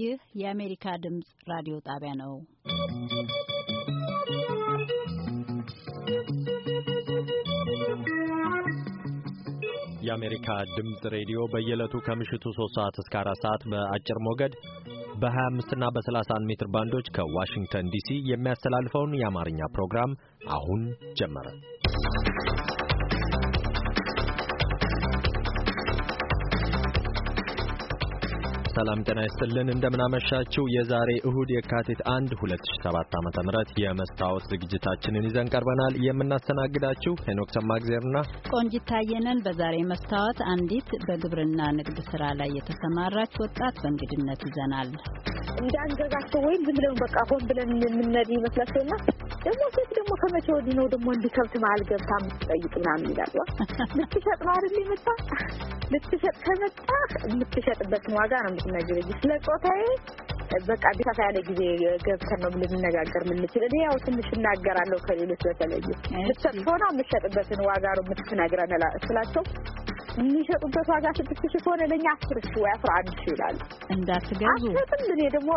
ይህ የአሜሪካ ድምፅ ራዲዮ ጣቢያ ነው። የአሜሪካ ድምፅ ሬዲዮ በየዕለቱ ከምሽቱ 3 ሰዓት እስከ 4 ሰዓት በአጭር ሞገድ በ25 እና በ31 ሜትር ባንዶች ከዋሽንግተን ዲሲ የሚያስተላልፈውን የአማርኛ ፕሮግራም አሁን ጀመረ። ሰላም ጤና ይስጥልን። እንደምናመሻችው የዛሬ እሁድ የካቲት 1 2007 ዓ.ም የመስታወት ዝግጅታችንን ይዘን ቀርበናል። የምናስተናግዳችሁ ሄኖክ ሰማግዜርና ቆንጂት ታየነን። በዛሬ መስታወት አንዲት በግብርና ንግድ ስራ ላይ የተሰማራች ወጣት በእንግድነት ይዘናል። እንዳንገዛቸው ወይም ዝም ብለን በቃ ሆን ብለን የምንነድ ይመስላቸውና ደግሞ ሴት ደግሞ ከመቼ ወዲህ ነው ደግሞ እንዲከብት መሀል ገብታ የምትጠይቅ ምናምን ይላል። ልትሸጥ ነው አይደል የመጣ ልትሸጥ ከመጣ የምትሸጥበትን ዋጋ ነው የምትነግረኝ። ስለ ጾታዬ በቃ አዲስ ያለ ጊዜ ገብተን ነው ልንነጋገር ምንችል። እኔ ያው ትንሽ እናገራለሁ ከሌሎች በተለየ ልትሸጥ ከሆነ የምትሸጥበትን ዋጋ ነው የምትነግረን ስላቸው የሚሸጡበት ዋጋ ስድስት ሺህ ከሆነ ለእኛ አስር ሺህ ወይ አስራ አንድ ሺህ ይላሉ። እንዳትገዙ አስርም እኔ ደግሞ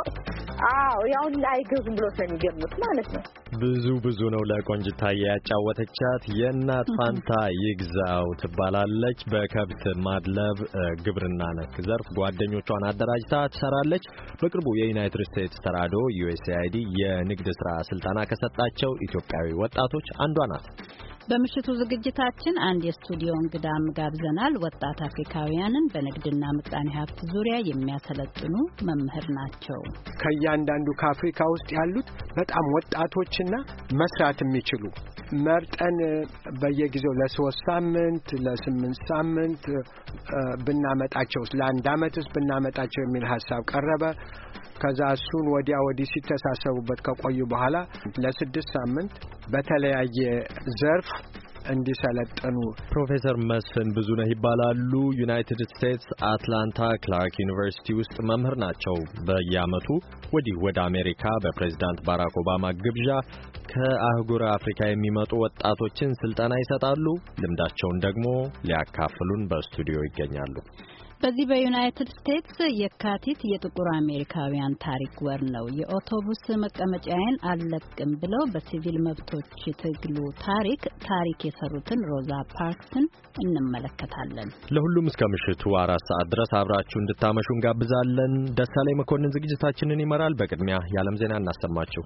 አዎ ያውን አይገዙም ብሎ ስለሚገምት ማለት ነው። ብዙ ብዙ ነው። ለቆንጅታዬ ያጫወተቻት የእናት ፋንታ ይግዛው ትባላለች። በከብት ማድለብ ግብርና ነክ ዘርፍ ጓደኞቿን አደራጅታ ትሰራለች። በቅርቡ የዩናይትድ ስቴትስ ተራድኦ ዩኤስኤአይዲ የንግድ ስራ ስልጠና ከሰጣቸው ኢትዮጵያዊ ወጣቶች አንዷ ናት። በምሽቱ ዝግጅታችን አንድ የስቱዲዮ እንግዳም ጋብዘናል። ወጣት አፍሪካውያንን በንግድና ምጣኔ ሀብት ዙሪያ የሚያሰለጥኑ መምህር ናቸው። ከእያንዳንዱ ከአፍሪካ ውስጥ ያሉት በጣም ወጣቶችና መስራት የሚችሉ መርጠን በየጊዜው ለሶስት ሳምንት ለስምንት ሳምንት ብናመጣቸው ለአንድ አመትስ ብናመጣቸው የሚል ሀሳብ ቀረበ። ከዛ እሱን ወዲያ ወዲህ ሲተሳሰቡበት ከቆዩ በኋላ ለስድስት ሳምንት በተለያየ ዘርፍ እንዲሰለጥኑ። ፕሮፌሰር መስፍን ብዙነህ ይባላሉ። ዩናይትድ ስቴትስ አትላንታ ክላርክ ዩኒቨርሲቲ ውስጥ መምህር ናቸው። በየዓመቱ ወዲህ ወደ አሜሪካ በፕሬዝዳንት ባራክ ኦባማ ግብዣ ከአህጉረ አፍሪካ የሚመጡ ወጣቶችን ስልጠና ይሰጣሉ። ልምዳቸውን ደግሞ ሊያካፍሉን በስቱዲዮ ይገኛሉ። በዚህ በዩናይትድ ስቴትስ የካቲት የጥቁር አሜሪካውያን ታሪክ ወር ነው። የኦቶቡስ መቀመጫዬን አልለቅም ብለው በሲቪል መብቶች ትግሉ ታሪክ ታሪክ የሰሩትን ሮዛ ፓርክስን እንመለከታለን። ለሁሉም እስከ ምሽቱ አራት ሰዓት ድረስ አብራችሁ እንድታመሹ እንጋብዛለን። ደሳላይ መኮንን ዝግጅታችንን ይመራል። በቅድሚያ የዓለም ዜና እናሰማችሁ።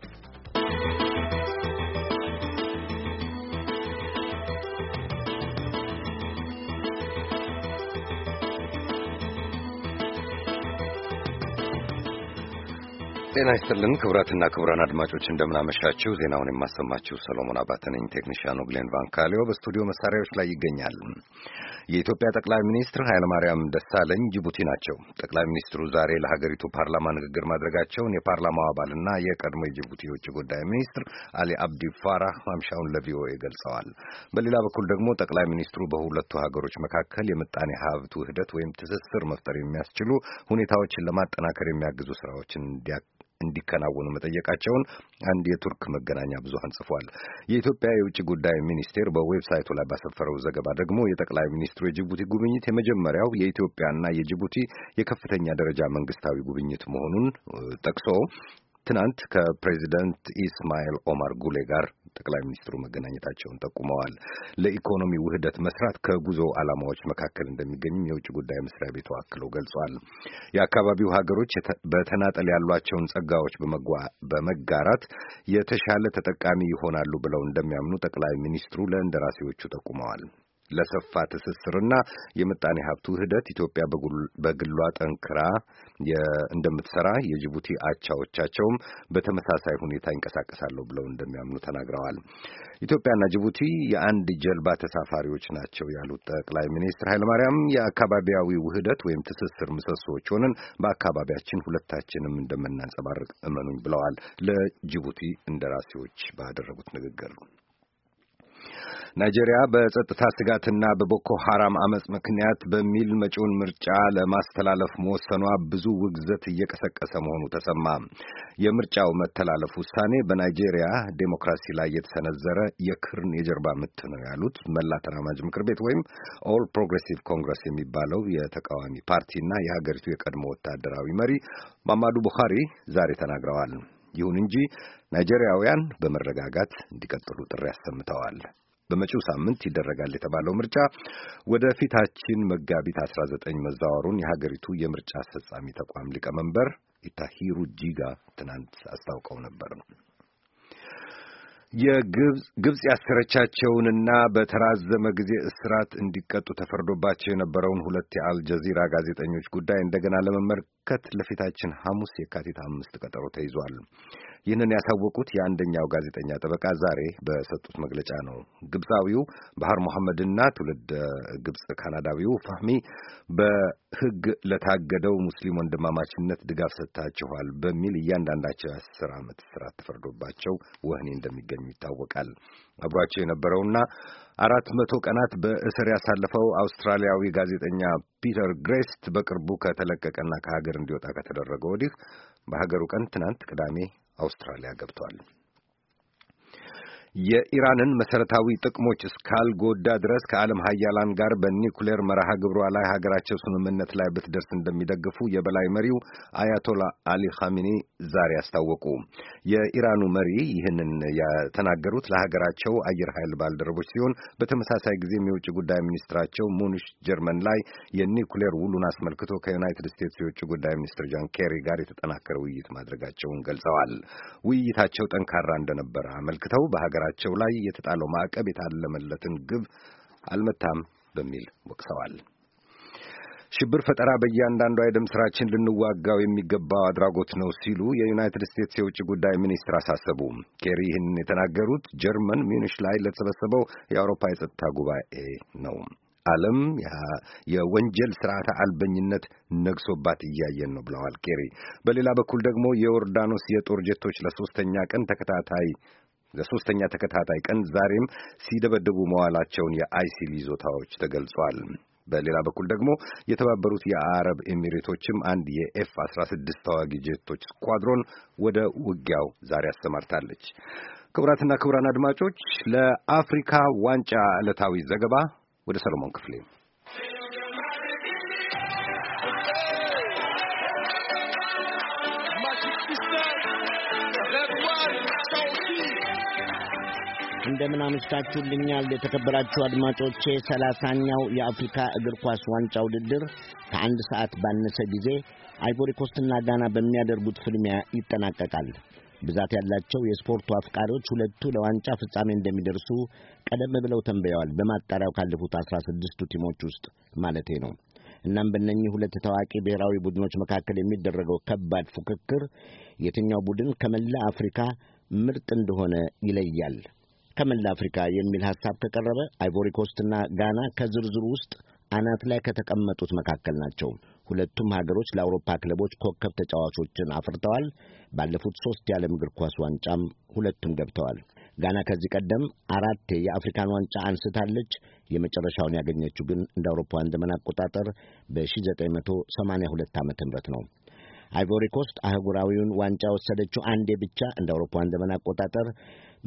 ጤና ይስጥልን ክቡራትና ክቡራን አድማጮች እንደምናመሻችው ዜናውን የማሰማችው ሰሎሞን አባተ ነኝ። ቴክኒሽያኑ ግሌን ቫንካሌዮ በስቱዲዮ መሳሪያዎች ላይ ይገኛል። የኢትዮጵያ ጠቅላይ ሚኒስትር ኃይለማርያም ደሳለኝ ጅቡቲ ናቸው። ጠቅላይ ሚኒስትሩ ዛሬ ለሀገሪቱ ፓርላማ ንግግር ማድረጋቸውን የፓርላማው አባልና የቀድሞ የጅቡቲ የውጭ ጉዳይ ሚኒስትር አሊ አብዲ ፋራህ ማምሻውን ለቪኦኤ ገልጸዋል። በሌላ በኩል ደግሞ ጠቅላይ ሚኒስትሩ በሁለቱ ሀገሮች መካከል የምጣኔ ሀብት ውህደት ወይም ትስስር መፍጠር የሚያስችሉ ሁኔታዎችን ለማጠናከር የሚያግዙ ስራዎችን እንዲያ እንዲከናወኑ መጠየቃቸውን አንድ የቱርክ መገናኛ ብዙሃን ጽፏል። የኢትዮጵያ የውጭ ጉዳይ ሚኒስቴር በዌብሳይቱ ላይ ባሰፈረው ዘገባ ደግሞ የጠቅላይ ሚኒስትሩ የጅቡቲ ጉብኝት የመጀመሪያው የኢትዮጵያና የጅቡቲ የከፍተኛ ደረጃ መንግስታዊ ጉብኝት መሆኑን ጠቅሶ ትናንት ከፕሬዚደንት ኢስማኤል ኦማር ጉሌ ጋር ጠቅላይ ሚኒስትሩ መገናኘታቸውን ጠቁመዋል። ለኢኮኖሚ ውህደት መስራት ከጉዞ ዓላማዎች መካከል እንደሚገኝም የውጭ ጉዳይ መስሪያ ቤቱ አክሎ ገልጿል። የአካባቢው ሀገሮች በተናጠል ያሏቸውን ጸጋዎች በመጋራት የተሻለ ተጠቃሚ ይሆናሉ ብለው እንደሚያምኑ ጠቅላይ ሚኒስትሩ ለእንደራሴዎቹ ጠቁመዋል። ለሰፋ ትስስርና የምጣኔ ሀብት ውህደት ኢትዮጵያ በግሏ ጠንክራ እንደምትሰራ የጅቡቲ አቻዎቻቸውም በተመሳሳይ ሁኔታ ይንቀሳቀሳለሁ ብለው እንደሚያምኑ ተናግረዋል። ኢትዮጵያና ጅቡቲ የአንድ ጀልባ ተሳፋሪዎች ናቸው ያሉት ጠቅላይ ሚኒስትር ኃይለማርያም የአካባቢያዊ ውህደት ወይም ትስስር ምሰሶዎች ሆነን በአካባቢያችን ሁለታችንም እንደምናንጸባርቅ እመኑኝ ብለዋል። ለጅቡቲ እንደራሴዎች ባደረጉት ንግግር ናይጄሪያ በጸጥታ ስጋትና በቦኮ ሐራም አመፅ ምክንያት በሚል መጪውን ምርጫ ለማስተላለፍ መወሰኗ ብዙ ውግዘት እየቀሰቀሰ መሆኑ ተሰማ። የምርጫው መተላለፍ ውሳኔ በናይጄሪያ ዴሞክራሲ ላይ የተሰነዘረ የክርን የጀርባ ምት ነው ያሉት መላ ተራማጅ ምክር ቤት ወይም ኦል ፕሮግሬሲቭ ኮንግረስ የሚባለው የተቃዋሚ ፓርቲና የሀገሪቱ የቀድሞ ወታደራዊ መሪ ማማዱ ቡኻሪ ዛሬ ተናግረዋል። ይሁን እንጂ ናይጄሪያውያን በመረጋጋት እንዲቀጥሉ ጥሪ አሰምተዋል። በመጪው ሳምንት ይደረጋል የተባለው ምርጫ ወደ ፊታችን መጋቢት 19 መዛወሩን የሀገሪቱ የምርጫ አስፈጻሚ ተቋም ሊቀመንበር ኢታሂሩ ጂጋ ትናንት አስታውቀው ነበር። የግብፅ ያሰረቻቸውንና በተራዘመ ጊዜ እስራት እንዲቀጡ ተፈርዶባቸው የነበረውን ሁለት የአልጀዚራ ጋዜጠኞች ጉዳይ እንደገና ለመመልከት ለፊታችን ሐሙስ የካቲት አምስት ቀጠሮ ተይዟል። ይህንን ያሳወቁት የአንደኛው ጋዜጠኛ ጠበቃ ዛሬ በሰጡት መግለጫ ነው። ግብፃዊው ባህር መሐመድና ትውልድ ግብፅ ካናዳዊው ፋህሚ በህግ ለታገደው ሙስሊም ወንድማማችነት ድጋፍ ሰጥታችኋል በሚል እያንዳንዳቸው የአስር ዓመት እስራት ተፈርዶባቸው ወህኒ እንደሚገኙ ይታወቃል። አብሯቸው የነበረውና አራት መቶ ቀናት በእስር ያሳለፈው አውስትራሊያዊ ጋዜጠኛ ፒተር ግሬስት በቅርቡ ከተለቀቀና ከሀገር እንዲወጣ ከተደረገ ወዲህ በሀገሩ ቀን ትናንት ቅዳሜ አውስትራሊያ ገብቷል። የኢራንን መሰረታዊ ጥቅሞች እስካልጎዳ ድረስ ከዓለም ሀያላን ጋር በኒኩሌር መርሃ ግብሯ ላይ ሀገራቸው ስምምነት ላይ ብትደርስ እንደሚደግፉ የበላይ መሪው አያቶላ አሊ ኻሜኒ ዛሬ አስታወቁ። የኢራኑ መሪ ይህንን የተናገሩት ለሀገራቸው አየር ኃይል ባልደረቦች ሲሆን በተመሳሳይ ጊዜም የውጭ ጉዳይ ሚኒስትራቸው ሙኒሽ ጀርመን ላይ የኒኩሌር ውሉን አስመልክቶ ከዩናይትድ ስቴትስ የውጭ ጉዳይ ሚኒስትር ጃን ኬሪ ጋር የተጠናከረ ውይይት ማድረጋቸውን ገልጸዋል። ውይይታቸው ጠንካራ እንደነበረ አመልክተው በሀገር ሀገራቸው ላይ የተጣለው ማዕቀብ የታለመለትን ግብ አልመታም በሚል ወቅሰዋል። ሽብር ፈጠራ በእያንዳንዷ የደም ስራችን ልንዋጋው የሚገባው አድራጎት ነው ሲሉ የዩናይትድ ስቴትስ የውጭ ጉዳይ ሚኒስትር አሳሰቡ። ኬሪ ይህን የተናገሩት ጀርመን ሚኒሽ ላይ ለተሰበሰበው የአውሮፓ የጸጥታ ጉባኤ ነው። ዓለም የወንጀል ስርዓተ አልበኝነት ነግሶባት እያየን ነው ብለዋል ኬሪ። በሌላ በኩል ደግሞ የዮርዳኖስ የጦር ጀቶች ለሶስተኛ ቀን ተከታታይ ለሶስተኛ ተከታታይ ቀን ዛሬም ሲደበደቡ መዋላቸውን የአይሲል ይዞታዎች ተገልጿል። በሌላ በኩል ደግሞ የተባበሩት የአረብ ኤሚሬቶችም አንድ የኤፍ 16 ተዋጊ ጄቶች ስኳድሮን ወደ ውጊያው ዛሬ አሰማርታለች። ክቡራትና ክቡራን አድማጮች ለአፍሪካ ዋንጫ ዕለታዊ ዘገባ ወደ ሰሎሞን ክፍሌ እንደምን አመሽታችሁልኛል የተከበራችሁ አድማጮቼ። ሰላሳኛው የአፍሪካ እግር ኳስ ዋንጫ ውድድር ከአንድ ሰዓት ባነሰ ጊዜ አይቮሪኮስትና ጋና በሚያደርጉት ፍልሚያ ይጠናቀቃል። ብዛት ያላቸው የስፖርቱ አፍቃሪዎች ሁለቱ ለዋንጫ ፍጻሜ እንደሚደርሱ ቀደም ብለው ተንበያዋል። በማጣሪያው ካለፉት አስራ ስድስቱ ቲሞች ውስጥ ማለቴ ነው። እናም በእነኚህ ሁለት ታዋቂ ብሔራዊ ቡድኖች መካከል የሚደረገው ከባድ ፉክክር የትኛው ቡድን ከመላ አፍሪካ ምርጥ እንደሆነ ይለያል። ከመላ አፍሪካ የሚል ሐሳብ ከቀረበ አይቮሪኮስትና ጋና ከዝርዝሩ ውስጥ አናት ላይ ከተቀመጡት መካከል ናቸው። ሁለቱም ሀገሮች ለአውሮፓ ክለቦች ኮከብ ተጫዋቾችን አፍርተዋል። ባለፉት ሦስት የዓለም እግር ኳስ ዋንጫም ሁለቱም ገብተዋል። ጋና ከዚህ ቀደም አራቴ የአፍሪካን ዋንጫ አንስታለች። የመጨረሻውን ያገኘችው ግን እንደ አውሮፓውያን ዘመን አቆጣጠር በ1982 ዓ ም ነው። አይቮሪኮስት አህጉራዊውን ዋንጫ ወሰደችው አንዴ ብቻ እንደ አውሮፓውያን ዘመን አቆጣጠር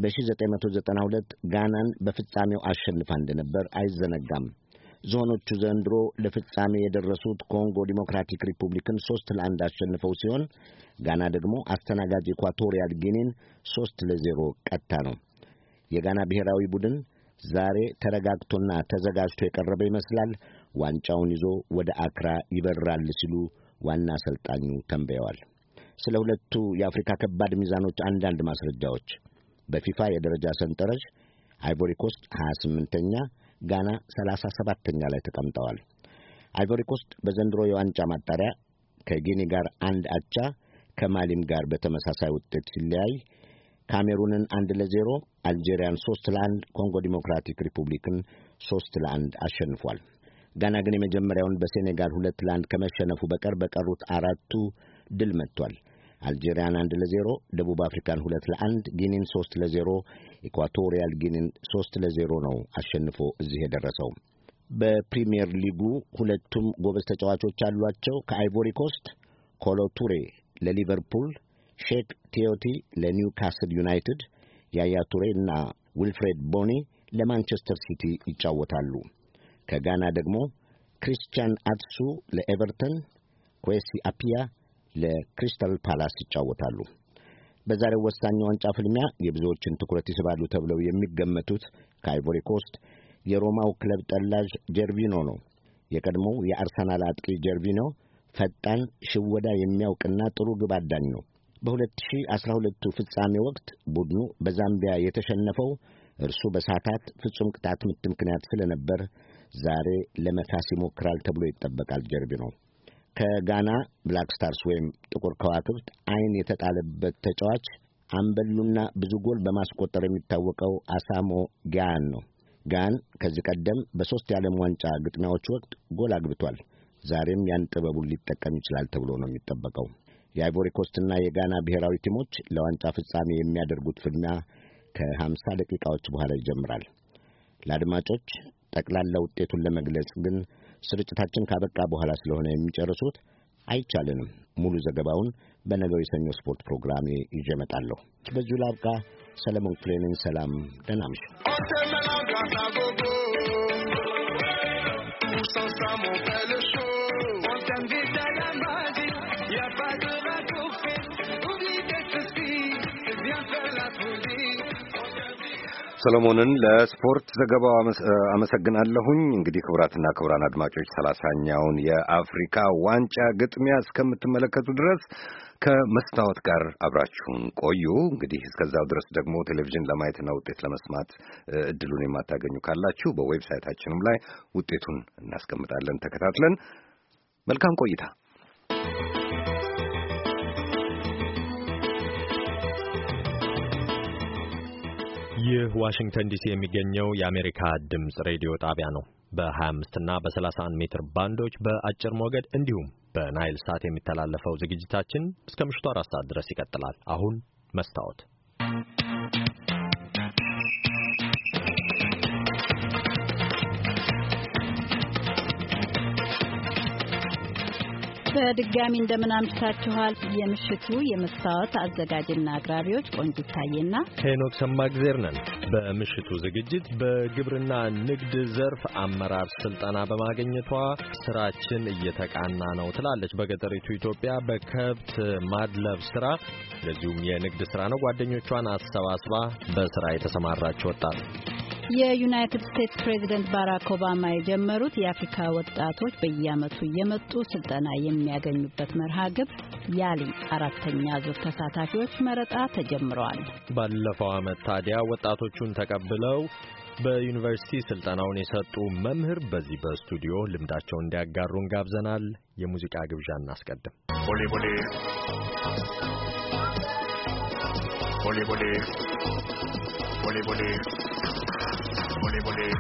በ1992 ጋናን በፍጻሜው አሸንፋ እንደነበር አይዘነጋም። ዝሆኖቹ ዘንድሮ ለፍጻሜ የደረሱት ኮንጎ ዲሞክራቲክ ሪፑብሊክን ሶስት ለአንድ አሸንፈው ሲሆን ጋና ደግሞ አስተናጋጅ ኢኳቶሪያል ጊኒን ሶስት ለዜሮ ቀታ ነው። የጋና ብሔራዊ ቡድን ዛሬ ተረጋግቶና ተዘጋጅቶ የቀረበ ይመስላል። ዋንጫውን ይዞ ወደ አክራ ይበራል ሲሉ ዋና አሰልጣኙ ተንበየዋል። ስለ ሁለቱ የአፍሪካ ከባድ ሚዛኖች አንዳንድ ማስረጃዎች በፊፋ የደረጃ ሰንጠረዥ አይቮሪኮስት 28ኛ፣ ጋና 37ተኛ ላይ ተቀምጠዋል። አይቮሪኮስት በዘንድሮ የዋንጫ ማጣሪያ ከጊኒ ጋር አንድ አቻ፣ ከማሊም ጋር በተመሳሳይ ውጤት ሲለያይ ካሜሩንን አንድ ለዜሮ፣ አልጄሪያን ሶስት ለአንድ፣ ኮንጎ ዲሞክራቲክ ሪፑብሊክን ሶስት ለአንድ አሸንፏል። ጋና ግን የመጀመሪያውን በሴኔጋል ሁለት ለአንድ ከመሸነፉ በቀር በቀሩት አራቱ ድል መጥቷል። አልጄሪያን አንድ ለዜሮ፣ ደቡብ አፍሪካን ሁለት ለአንድ፣ ጊኒን ሶስት ለዜሮ፣ ኢኳቶሪያል ጊኒን ሶስት ለዜሮ ነው አሸንፎ እዚህ የደረሰው። በፕሪሚየር ሊጉ ሁለቱም ጎበዝ ተጫዋቾች አሏቸው። ከአይቮሪ ኮስት ኮሎቱሬ ለሊቨርፑል፣ ሼክ ቴዮቲ ለኒውካስል ዩናይትድ፣ ያያ ቱሬ እና ዊልፍሬድ ቦኒ ለማንቸስተር ሲቲ ይጫወታሉ። ከጋና ደግሞ ክሪስቲያን አትሱ ለኤቨርተን፣ ኩዌሲ አፒያ ለክሪስታል ፓላስ ይጫወታሉ። በዛሬው ወሳኝ ዋንጫ ፍልሚያ የብዙዎችን ትኩረት ይስባሉ ተብለው የሚገመቱት ከአይቮሪ ኮስት የሮማው ክለብ ጠላዥ ጀርቪኖ ነው። የቀድሞው የአርሰናል አጥቂ ጀርቪኖ ፈጣን ሽወዳ የሚያውቅና ጥሩ ግብ አዳኝ ነው። በ2012ቱ ፍጻሜ ወቅት ቡድኑ በዛምቢያ የተሸነፈው እርሱ በሳታት ፍጹም ቅጣት ምት ምክንያት ስለነበር ዛሬ ለመታስ ይሞክራል ተብሎ ይጠበቃል። ጀርቢ ነው ከጋና ብላክ ስታርስ ወይም ጥቁር ከዋክብት አይን የተጣለበት ተጫዋች አምበሉና ብዙ ጎል በማስቆጠር የሚታወቀው አሳሞ ጊያን ነው። ጋን ከዚህ ቀደም በሦስት የዓለም ዋንጫ ግጥሚያዎች ወቅት ጎል አግብቷል። ዛሬም ያን ጥበቡን ሊጠቀም ይችላል ተብሎ ነው የሚጠበቀው። የአይቮሪኮስትና የጋና ብሔራዊ ቲሞች ለዋንጫ ፍጻሜ የሚያደርጉት ፍልሚያ ከ50 ደቂቃዎች በኋላ ይጀምራል። ለአድማጮች ጠቅላላ ውጤቱን ለመግለጽ ግን ስርጭታችን ካበቃ በኋላ ስለሆነ የሚጨርሱት አይቻልንም። ሙሉ ዘገባውን በነገው የሰኞ ስፖርት ፕሮግራም ይዤ እመጣለሁ። በዚሁ ላብቃ። ሰለሞን ክፍሌ ሰላም፣ ደህና እምሹ። Sans ሰለሞንን ለስፖርት ዘገባው አመሰግናለሁኝ። እንግዲህ ክቡራትና ክቡራን አድማጮች ሰላሳኛውን የአፍሪካ ዋንጫ ግጥሚያ እስከምትመለከቱ ድረስ ከመስታወት ጋር አብራችሁን ቆዩ። እንግዲህ እስከዛው ድረስ ደግሞ ቴሌቪዥን ለማየትና ውጤት ለመስማት እድሉን የማታገኙ ካላችሁ በዌብሳይታችንም ላይ ውጤቱን እናስቀምጣለን። ተከታትለን መልካም ቆይታ ይህ ዋሽንግተን ዲሲ የሚገኘው የአሜሪካ ድምፅ ሬዲዮ ጣቢያ ነው። በ25 እና በ31 ሜትር ባንዶች በአጭር ሞገድ እንዲሁም በናይል ሳት የሚተላለፈው ዝግጅታችን እስከ ምሽቱ አራት ሰዓት ድረስ ይቀጥላል። አሁን መስታወት በድጋሚ እንደምን አምሽታችኋል። የምሽቱ የመስታወት አዘጋጅና አቅራቢዎች ቆንጅት ታዬና ሄኖክ ሰማግዜር ነን። በምሽቱ ዝግጅት በግብርና ንግድ ዘርፍ አመራር ስልጠና በማግኘቷ ስራችን እየተቃና ነው ትላለች በገጠሪቱ ኢትዮጵያ በከብት ማድለብ ስራ እንደዚሁም የንግድ ስራ ነው ጓደኞቿን አሰባስባ በስራ የተሰማራች ወጣት የዩናይትድ ስቴትስ ፕሬዝደንት ባራክ ኦባማ የጀመሩት የአፍሪካ ወጣቶች በየዓመቱ እየመጡ ስልጠና የሚያገኙበት መርሃ ግብር ያሊ አራተኛ ዙር ተሳታፊዎች መረጣ ተጀምረዋል። ባለፈው ዓመት ታዲያ ወጣቶቹን ተቀብለው በዩኒቨርሲቲ ስልጠናውን የሰጡ መምህር በዚህ በስቱዲዮ ልምዳቸውን እንዲያጋሩን ጋብዘናል። የሙዚቃ ግብዣ እናስቀድም። ቦሌ ቦሌ ቦሌ ቦሌ ቦሌ ቦሌ bole bole.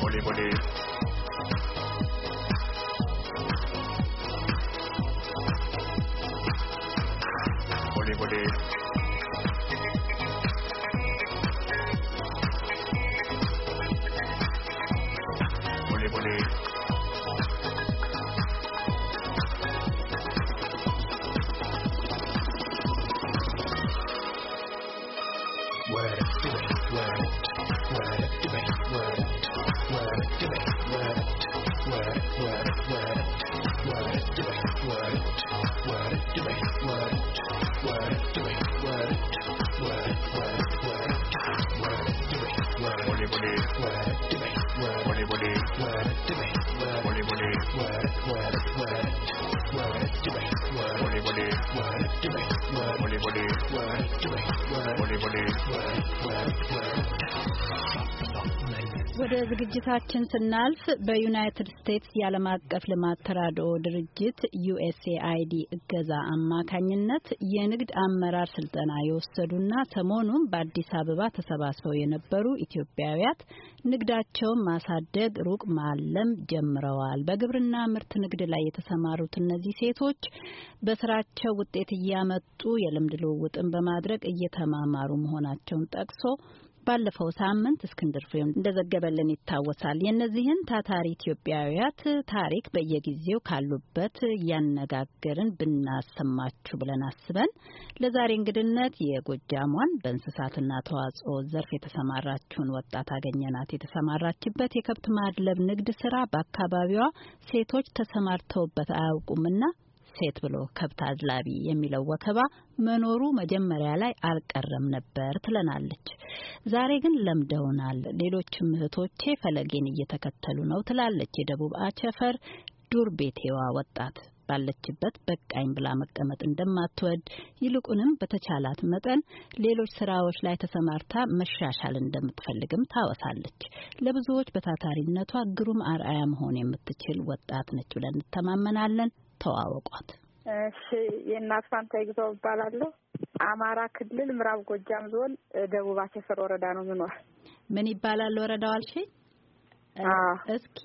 Bole bole. ዝግጅታችን ስናልፍ በዩናይትድ ስቴትስ የዓለም አቀፍ ልማት ተራድኦ ድርጅት ዩኤስኤአይዲ እገዛ አማካኝነት የንግድ አመራር ስልጠና የወሰዱና ሰሞኑን በአዲስ አበባ ተሰባስበው የነበሩ ኢትዮጵያውያት ንግዳቸውን ማሳደግ ሩቅ ማለም ጀምረዋል። በግብርና ምርት ንግድ ላይ የተሰማሩት እነዚህ ሴቶች በስራቸው ውጤት እያመጡ የልምድ ልውውጥን በማድረግ እየተማማሩ መሆናቸውን ጠቅሶ ባለፈው ሳምንት እስክንድር ፍሬም እንደዘገበልን ይታወሳል። የእነዚህን ታታሪ ኢትዮጵያውያት ታሪክ በየጊዜው ካሉበት እያነጋገርን ብናሰማችሁ ብለን አስበን ለዛሬ እንግድነት የጎጃሟን በእንስሳትና ተዋጽኦ ዘርፍ የተሰማራችውን ወጣት አገኘናት። የተሰማራችበት የከብት ማድለብ ንግድ ስራ በአካባቢዋ ሴቶች ተሰማርተውበት አያውቁምና ሴት ብሎ ከብት አዝላቢ የሚለው ወከባ መኖሩ መጀመሪያ ላይ አልቀረም ነበር ትለናለች። ዛሬ ግን ለምደውናል። ሌሎችም እህቶቼ ፈለጌን እየተከተሉ ነው ትላለች። የደቡብ አቸፈር ዱር ቤቴዋ ወጣት ባለችበት በቃኝ ብላ መቀመጥ እንደማትወድ ይልቁንም በተቻላት መጠን ሌሎች ስራዎች ላይ ተሰማርታ መሻሻል እንደምትፈልግም ታወሳለች። ለብዙዎች በታታሪነቷ ግሩም አርአያ መሆን የምትችል ወጣት ነች ብለን እንተማመናለን። ተዋወቋት? እሺ የእናት ፋንታ ይግዛው እባላለሁ። አማራ ክልል ምዕራብ ጎጃም ዞን ደቡብ አቸፈር ወረዳ ነው ምኖር። ምን ይባላል ወረዳው አልሽኝ? እስኪ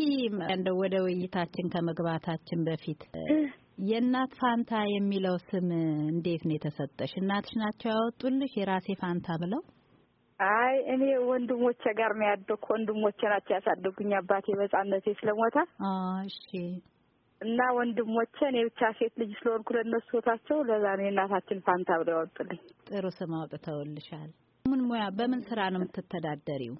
እንደው ወደ ውይይታችን ከመግባታችን በፊት የእናት ፋንታ የሚለው ስም እንዴት ነው የተሰጠሽ? እናትሽ ናቸው ያወጡልሽ የራሴ ፋንታ ብለው? አይ እኔ ወንድሞቼ ጋር ነው ያደኩ። ወንድሞቼ ናቸው ያሳደጉኝ። አባቴ በጻነቴ ስለሞታ። እሺ እና ወንድሞቼ እኔ ብቻ ሴት ልጅ ስለሆንኩ ለእነሱ ቦታቸው ለዛ ነው እናታችን ፋንታ ብለው ያወጡልኝ። ጥሩ ስም አውጥተውልሻል። ምን ሙያ በምን ስራ ነው የምትተዳደሪው?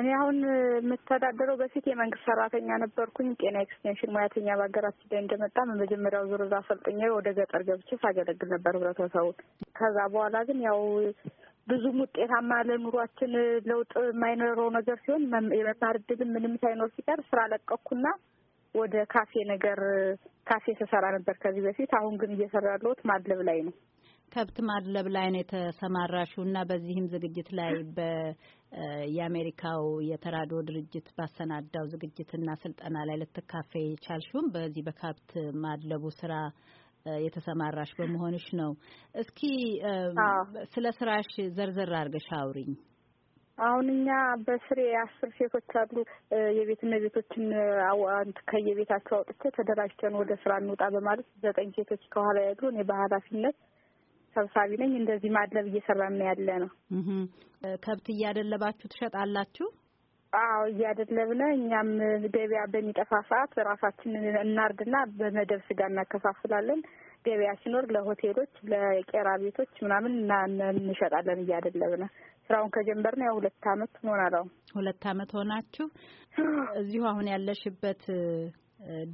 እኔ አሁን የምተዳደረው በፊት የመንግስት ሰራተኛ ነበርኩኝ። ጤና ኤክስቴንሽን ሙያተኛ በሀገራችን ላይ እንደመጣ በመጀመሪያው ዙር እዛ አሰልጥኜ ወደ ገጠር ገብቼ ሳገለግል ነበር ህብረተሰቡ ከዛ በኋላ ግን ያው ብዙም ውጤታማ ለኑሯችን ለውጥ የማይኖረው ነገር ሲሆን የመማር ዕድልም ምንም ሳይኖር ሲቀር ስራ ለቀኩና ወደ ካፌ ነገር ካፌ ተሰራ ነበር ከዚህ በፊት። አሁን ግን እየሰራ ያለሁት ማድለብ ላይ ነው። ከብት ማድለብ ላይ ነው የተሰማራሽው እና በዚህም ዝግጅት ላይ የአሜሪካው የተራድኦ ድርጅት ባሰናዳው ዝግጅትና ስልጠና ላይ ልትካፌ ቻልሽውም በዚህ በከብት ማድለቡ ስራ የተሰማራሽ በመሆንሽ ነው። እስኪ ስለ ስራሽ ዘርዘር አድርገሽ አውሪኝ። አሁን እኛ በስሬ አስር ሴቶች አሉ። የቤት እመቤቶችን ከየቤታቸው አውጥቼ ተደራጅተን ወደ ስራ እንውጣ በማለት ዘጠኝ ሴቶች ከኋላ ያሉ እኔ በኃላፊነት ሰብሳቢ ነኝ። እንደዚህ ማድለብ እየሰራን ያለ ነው። ከብት እያደለባችሁ ትሸጣላችሁ? አዎ እያደለብነ እኛም ገበያ በሚጠፋ ሰዓት ራሳችንን እናርድና በመደብ ስጋ እናከፋፍላለን። ገበያ ሲኖር ለሆቴሎች፣ ለቄራ ቤቶች ምናምን እንሸጣለን እያደለብነ ስራውን ከጀመርን ያው ሁለት አመት ሆናል። አሁን ሁለት አመት ሆናችሁ እዚሁ አሁን ያለሽበት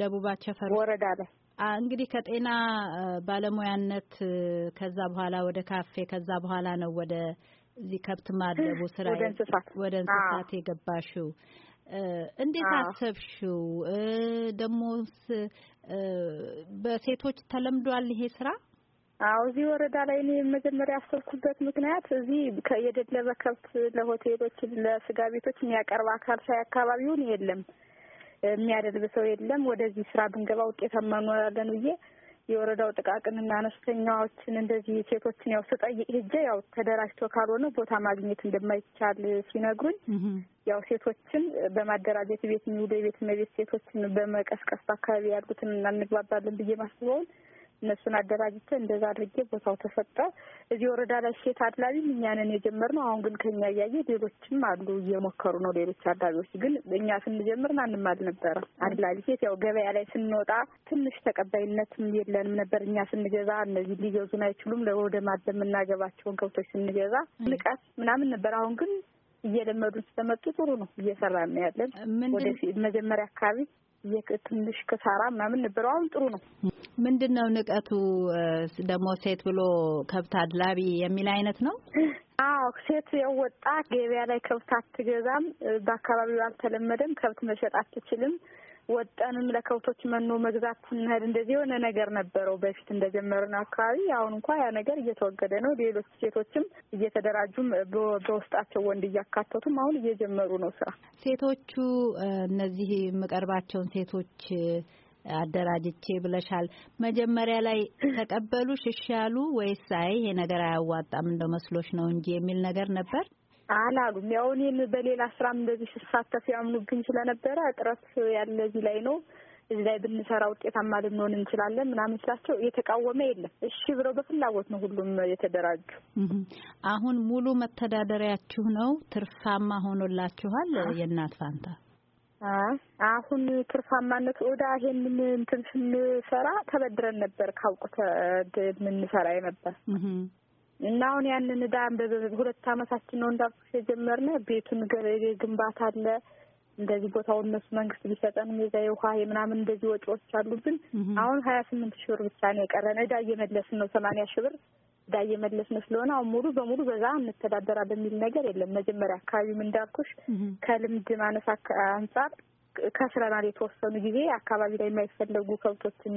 ደቡብ አቸፈር ወረዳ ላይ እንግዲህ ከጤና ባለሙያነት ከዛ በኋላ ወደ ካፌ ከዛ በኋላ ነው ወደ እዚህ ከብት ማደቡ ስራ ወደ እንስሳት የገባሽው። እንዴት አሰብሽው? ደግሞስ በሴቶች ተለምዷል ይሄ ስራ? አዎ እዚህ ወረዳ ላይ እኔ መጀመሪያ ያሰብኩበት ምክንያት እዚህ የደለበ ከብት ለሆቴሎች፣ ለስጋ ቤቶች የሚያቀርብ አካል ሳይ አካባቢውን የለም፣ የሚያደልብ ሰው የለም። ወደዚህ ስራ ብንገባ ውጤታማ እንሆናለን ብዬ የወረዳው ጥቃቅንና አነስተኛዎችን እንደዚህ ሴቶችን ያው ስጠይቅ ሄጄ ያው ተደራጅቶ ካልሆነ ቦታ ማግኘት እንደማይቻል ሲነግሩኝ ያው ሴቶችን በማደራጀት ቤት የሚውሉ የቤት መቤት ሴቶችን በመቀስቀስ በአካባቢ ያሉትን እናንግባባለን ብዬ ማስበውን እነሱን አደራጅቼ እንደዛ አድርጌ ቦታው ተሰጠ። እዚህ ወረዳ ላይ ሴት አድላቢ እኛንን የጀመርነው። አሁን ግን ከኛ እያየ ሌሎችም አሉ እየሞከሩ ነው። ሌሎች አድላቢዎች ግን እኛ ስንጀምር ማንም አልነበረ አድላቢ ሴት። ያው ገበያ ላይ ስንወጣ ትንሽ ተቀባይነትም የለንም ነበር። እኛ ስንገዛ እነዚህ ሊገዙን አይችሉም። ለወደ ማደ የምናገባቸውን ከብቶች ስንገዛ ንቀት ምናምን ነበር። አሁን ግን እየለመዱን ስለመጡ ጥሩ ነው። እየሰራ ነው ያለን። ወደፊት መጀመሪያ አካባቢ ትንሽ ክሳራ ምናምን ነበረዋም ጥሩ ነው። ምንድን ነው ንቀቱ ደግሞ ሴት ብሎ ከብት አድላቢ የሚል አይነት ነው። አዎ ሴት የወጣ ገበያ ላይ ከብት አትገዛም፣ በአካባቢው አልተለመደም፣ ከብት መሸጥ አትችልም ወጠንም ለከብቶች መኖ መግዛት ስንሄድ እንደዚህ የሆነ ነገር ነበረው በፊት እንደጀመርን አካባቢ። አሁን እንኳ ያ ነገር እየተወገደ ነው። ሌሎች ሴቶችም እየተደራጁም በውስጣቸው ወንድ እያካተቱም አሁን እየጀመሩ ነው ስራ። ሴቶቹ እነዚህ የምቀርባቸውን ሴቶች አደራጅቼ ብለሻል። መጀመሪያ ላይ ተቀበሉ ሽሻሉ ወይስ አይ ይሄ ነገር አያዋጣም እንደ ነው እንጂ የሚል ነገር ነበር? አላሉም። ያው እኔም በሌላ ስራም እንደዚህ ስሳተፍ ያምኑብኝ ስለነበረ እጥረት ያለ እዚህ ላይ ነው እዚህ ላይ ብንሰራ ውጤታማ ልንሆን እንችላለን ምናምን ስላቸው የተቃወመ የለም። እሺ ብለው በፍላጎት ነው ሁሉም የተደራጁ። አሁን ሙሉ መተዳደሪያችሁ ነው። ትርፋማ ሆኖላችኋል። የእናት ፋንታ አሁን ትርፋማነት ወደ ይሄንን እንትን ስንሰራ ተበድረን ነበር ካውቁ የምንሰራ ነበር እና አሁን ያንን እዳ ሁለት አመታችን ነው እንዳልኩሽ የጀመርነ ቤቱን ግንባታ አለ እንደዚህ ቦታው እነሱ መንግስት ቢሰጠን የዛ የውሃ የምናምን እንደዚህ ወጪዎች አሉብን። አሁን ሀያ ስምንት ሺህ ብር ብቻ ነው የቀረን። እዳ እየመለስን ነው ሰማንያ ሺህ ብር እዳ እየመለስን ስለሆነ አሁን ሙሉ በሙሉ በዛ እንተዳደራ በሚል ነገር የለም። መጀመሪያ አካባቢም እንዳልኩሽ ከልምድ ማነስ አንጻር ከስረናል የተወሰኑ ጊዜ አካባቢ ላይ የማይፈለጉ ከብቶችን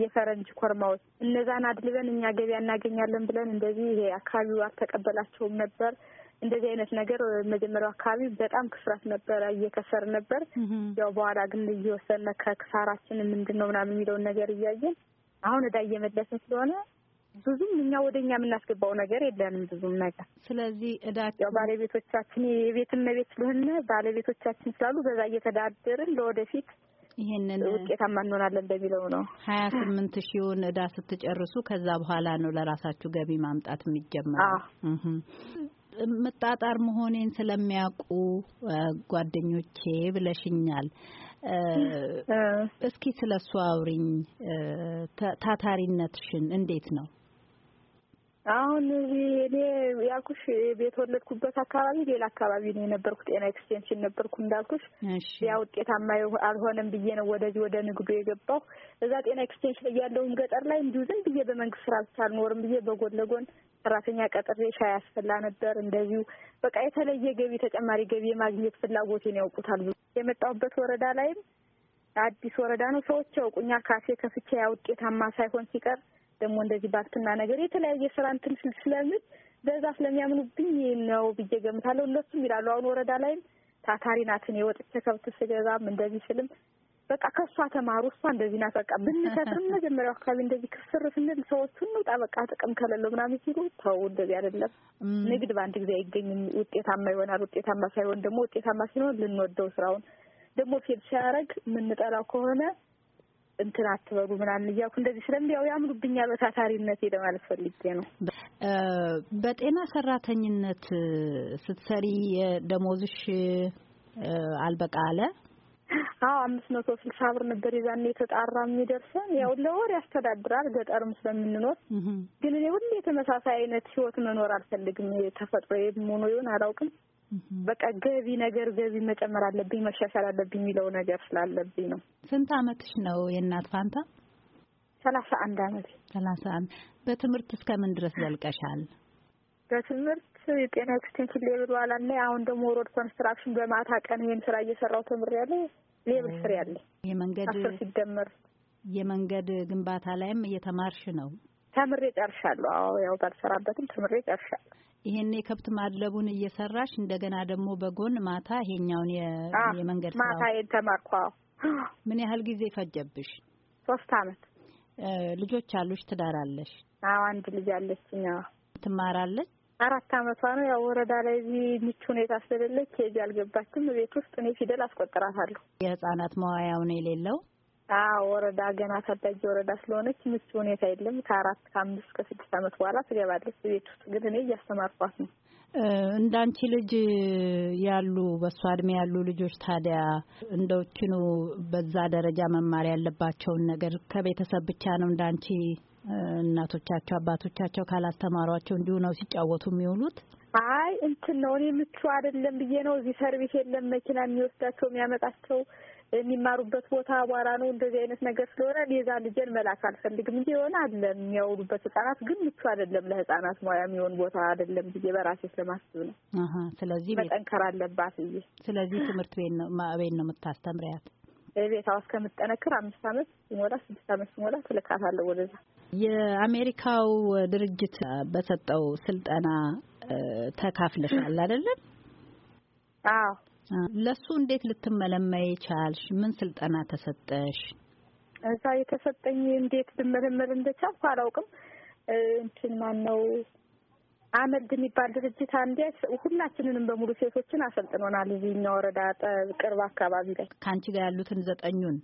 የፈረንጅ ኮርማዎች እነዛን አድልበን እኛ ገበያ እናገኛለን ብለን እንደዚህ ይሄ አካባቢው አልተቀበላቸውም ነበር። እንደዚህ አይነት ነገር መጀመሪያው አካባቢ በጣም ክስራት ነበረ፣ እየከሰር ነበር። ያው በኋላ ግን እየወሰነ ከክሳራችን ምንድን ነው ምናምን የሚለውን ነገር እያየን አሁን እዳ እየመለስን ስለሆነ ብዙም እኛ ወደ እኛ የምናስገባው ነገር የለንም ብዙም ነገር። ስለዚህ እዳ ያው ባለቤቶቻችን የቤት ስለሆነ ባለቤቶቻችን ስላሉ በዛ እየተዳደርን ለወደፊት ይሄንን ውጤታማ እንሆናለን በሚለው ነው። ሀያ ስምንት ሺውን እዳ ስትጨርሱ ከዛ በኋላ ነው ለራሳችሁ ገቢ ማምጣት የሚጀመረው። መጣጣር መሆኔን ስለሚያውቁ ጓደኞቼ ብለሽኛል። እስኪ ስለሱ አውሪኝ። ታታሪነትሽን እንዴት ነው? አሁን እኔ ያልኩሽ የተወለድኩበት አካባቢ ሌላ አካባቢ ነው የነበርኩ። ጤና ኤክስቴንሽን ነበርኩ እንዳልኩሽ። ያ ውጤታማ አልሆነም ብዬ ነው ወደዚህ ወደ ንግዱ የገባሁ። እዛ ጤና ኤክስቴንሽን እያለሁም ገጠር ላይ እንዲሁ ዝም ብዬ በመንግስት ስራ ብቻ አልኖርም ብዬ በጎን ለጎን ሰራተኛ ቀጥሬ ሻይ ያስፈላ ነበር። እንደዚሁ በቃ የተለየ ገቢ ተጨማሪ ገቢ የማግኘት ፍላጎቴን ያውቁታል። የመጣሁበት ወረዳ ላይም አዲስ ወረዳ ነው። ሰዎች ያውቁኛል። ካፌ ከፍቼ ያ ውጤታማ ሳይሆን ሲቀር ደግሞ እንደዚህ ባልትና ነገር የተለያየ ስራ እንትን ስለምል በዛ ስለሚያምኑብኝ ነው ብዬ ገምታለሁ። እነሱም ይላሉ አሁን ወረዳ ላይም ታታሪ ናት። እኔ ወጥቼ ከብት ስገዛም እንደዚህ ስልም በቃ ከእሷ ተማሩ፣ እሷ እንደዚህ ናት። በቃ ብንከስርም መጀመሪያው አካባቢ እንደዚህ ክስር ስንል ሰዎቹ እንውጣ፣ በቃ ጥቅም ከሌለው ምናምን ሲሉ ተው፣ እንደዚህ አይደለም። ንግድ በአንድ ጊዜ አይገኝም። ውጤታማ ይሆናል። ውጤታማ ሳይሆን ደግሞ ውጤታማ ሲሆን ልንወደው ስራውን ደግሞ ፌል ሲያደርግ የምንጠላው ከሆነ እንትን አትበሉ ምናምን እያልኩ እንደዚህ ስለምን ያው ያምኑብኛል በታታሪነቴ ለማለት ፈልጌ ነው። በጤና ሰራተኝነት ስትሰሪ ደሞዝሽ አልበቃ አለ? አዎ አምስት መቶ ስልሳ ብር ነበር የዛኔ የተጣራ የሚደርሰን። ያው ለወር ያስተዳድራል ገጠርም ስለምንኖር። ግን እኔ ሁሌ ተመሳሳይ አይነት ህይወት መኖር አልፈልግም። ተፈጥሮ ሆኖ ይሆን አላውቅም በቃ ገቢ ነገር ገቢ መጨመር አለብኝ መሻሻል አለብኝ የሚለው ነገር ስላለብኝ ነው። ስንት አመትሽ ነው የእናት ፋንታ? ሰላሳ አንድ አመት ሰላሳ አንድ በትምህርት እስከ ምን ድረስ ዘልቀሻል? በትምህርት የጤና ኤክስቴንሽን ሌብል በኋላ ና አሁን ደግሞ ሮድ ኮንስትራክሽን በማታ ቀን ይህን ስራ እየሰራው ያለ ሌብል ስር ያለ የመንገድ አስር ሲደመር የመንገድ ግንባታ ላይም እየተማርሽ ነው? ተምሬ ጨርሻለሁ። አዎ ያው ባልሰራበትም ተምሬ ጨርሻለሁ። ይሄን የከብት ማድለቡን እየሰራሽ እንደገና ደግሞ በጎን ማታ ይሄኛውን የመንገድ ስራ ማታ የተማርኳው ምን ያህል ጊዜ ፈጀብሽ? ሶስት አመት። ልጆች አሉሽ? ትዳር አለሽ? አዎ፣ አንድ ልጅ አለችኝ። ትማራለች? አራት አመቷ ነው። ያው ወረዳ ላይ እዚህ ምቹ ሁኔታ ስለሌለ ኬጅ አልገባችም። ቤት ውስጥ እኔ ፊደል አስቆጥራታለሁ። የህጻናት መዋያው ነው የሌለው ወረዳ ገና ታዳጊ ወረዳ ስለሆነች ምቹ ሁኔታ የለም። ከአራት ከአምስት ከስድስት ዓመት በኋላ ትገባለች። ቤት ውስጥ ግን እኔ እያስተማርኳት ነው። እንዳንቺ ልጅ ያሉ በእሷ እድሜ ያሉ ልጆች ታዲያ እንደውችኑ በዛ ደረጃ መማር ያለባቸውን ነገር ከቤተሰብ ብቻ ነው እንዳንቺ እናቶቻቸው አባቶቻቸው ካላስተማሯቸው እንዲሁ ነው ሲጫወቱ የሚውሉት። አይ እንትን ነው እኔ ምቹ አይደለም ብዬ ነው። እዚህ ሰርቪስ የለም መኪና የሚወስዳቸው የሚያመጣቸው የሚማሩበት ቦታ አቧራ ነው። እንደዚህ አይነት ነገር ስለሆነ ሌዛ ልጄን መላክ አልፈልግም እንዲ የሆነ አለ የሚያውሉበት ህጻናት ግን ምቹ አይደለም፣ ለህጻናት ሙያ የሚሆን ቦታ አይደለም ብዬ በራሴ ስለማስብ ነው። ስለዚህ መጠንከር አለባት ብዬ ስለዚህ ትምህርት ቤት ነው ቤት ነው የምታስተምሪያት። አምስት አመት ሲሞላ ስድስት አመት ሲሞላ ትልካታለሁ ወደዛ። የአሜሪካው ድርጅት በሰጠው ስልጠና ተካፍለሻል አይደለም? አዎ ለሱ እንዴት ልትመለመይ ቻልሽ? ምን ስልጠና ተሰጠሽ? እዛ የተሰጠኝ እንዴት ልመለመል እንደቻልኩ አላውቅም። እንትን ማን ነው አመድ የሚባል ድርጅት አንዴ ሁላችንንም በሙሉ ሴቶችን አሰልጥኖናል። እዚህ እኛ ወረዳ ቅርብ አካባቢ ላይ ከአንቺ ጋር ያሉትን ዘጠኙን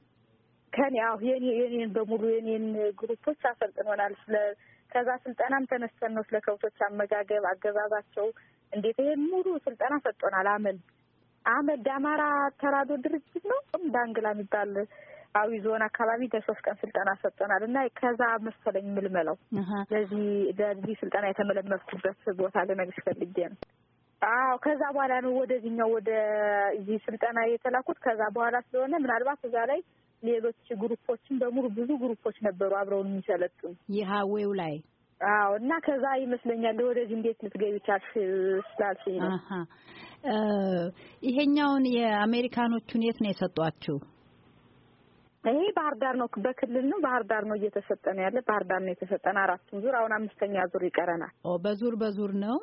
ከኔ አሁ የኔ የኔን በሙሉ የኔን ግሩፖች አሰልጥኖናል። ስለ ከዛ ስልጠናም ተነስተን ነው ስለ ከብቶች አመጋገብ አገዛዛቸው እንዴት ይሄን ሙሉ ስልጠና ሰጥቶናል አመልድ አመድ አማራ ተራዶ ድርጅት ነው ዳንግላ የሚባል አዊ ዞን አካባቢ ለሶስት ቀን ስልጠና ሰጠናል እና ከዛ መሰለኝ ምልመለው ለዚህ ለዚህ ስልጠና የተመለመልኩበት ቦታ ልነግርሽ ፈልጌ ነው። አዎ ከዛ በኋላ ነው ወደዚህኛው ወደ እዚህ ስልጠና የተላኩት። ከዛ በኋላ ስለሆነ ምናልባት እዛ ላይ ሌሎች ግሩፖችን በሙሉ ብዙ ግሩፖች ነበሩ አብረውን የሚሰለጥኑ ይሀዌው ላይ አዎ እና ከዛ ይመስለኛል ወደዚህ እንዴት ልትገቢ ቻልሽ ስላልሽኝ ነው። ይሄኛውን የአሜሪካኖቹን የት ነው የሰጧችሁ? ይሄ ባህር ዳር ነው፣ በክልል ነው። ባህር ዳር ነው እየተሰጠ ነው ያለ። ባህር ዳር ነው የተሰጠን አራቱም ዙር። አሁን አምስተኛ ዙር ይቀረናል። ኦ በዙር በዙር ነው?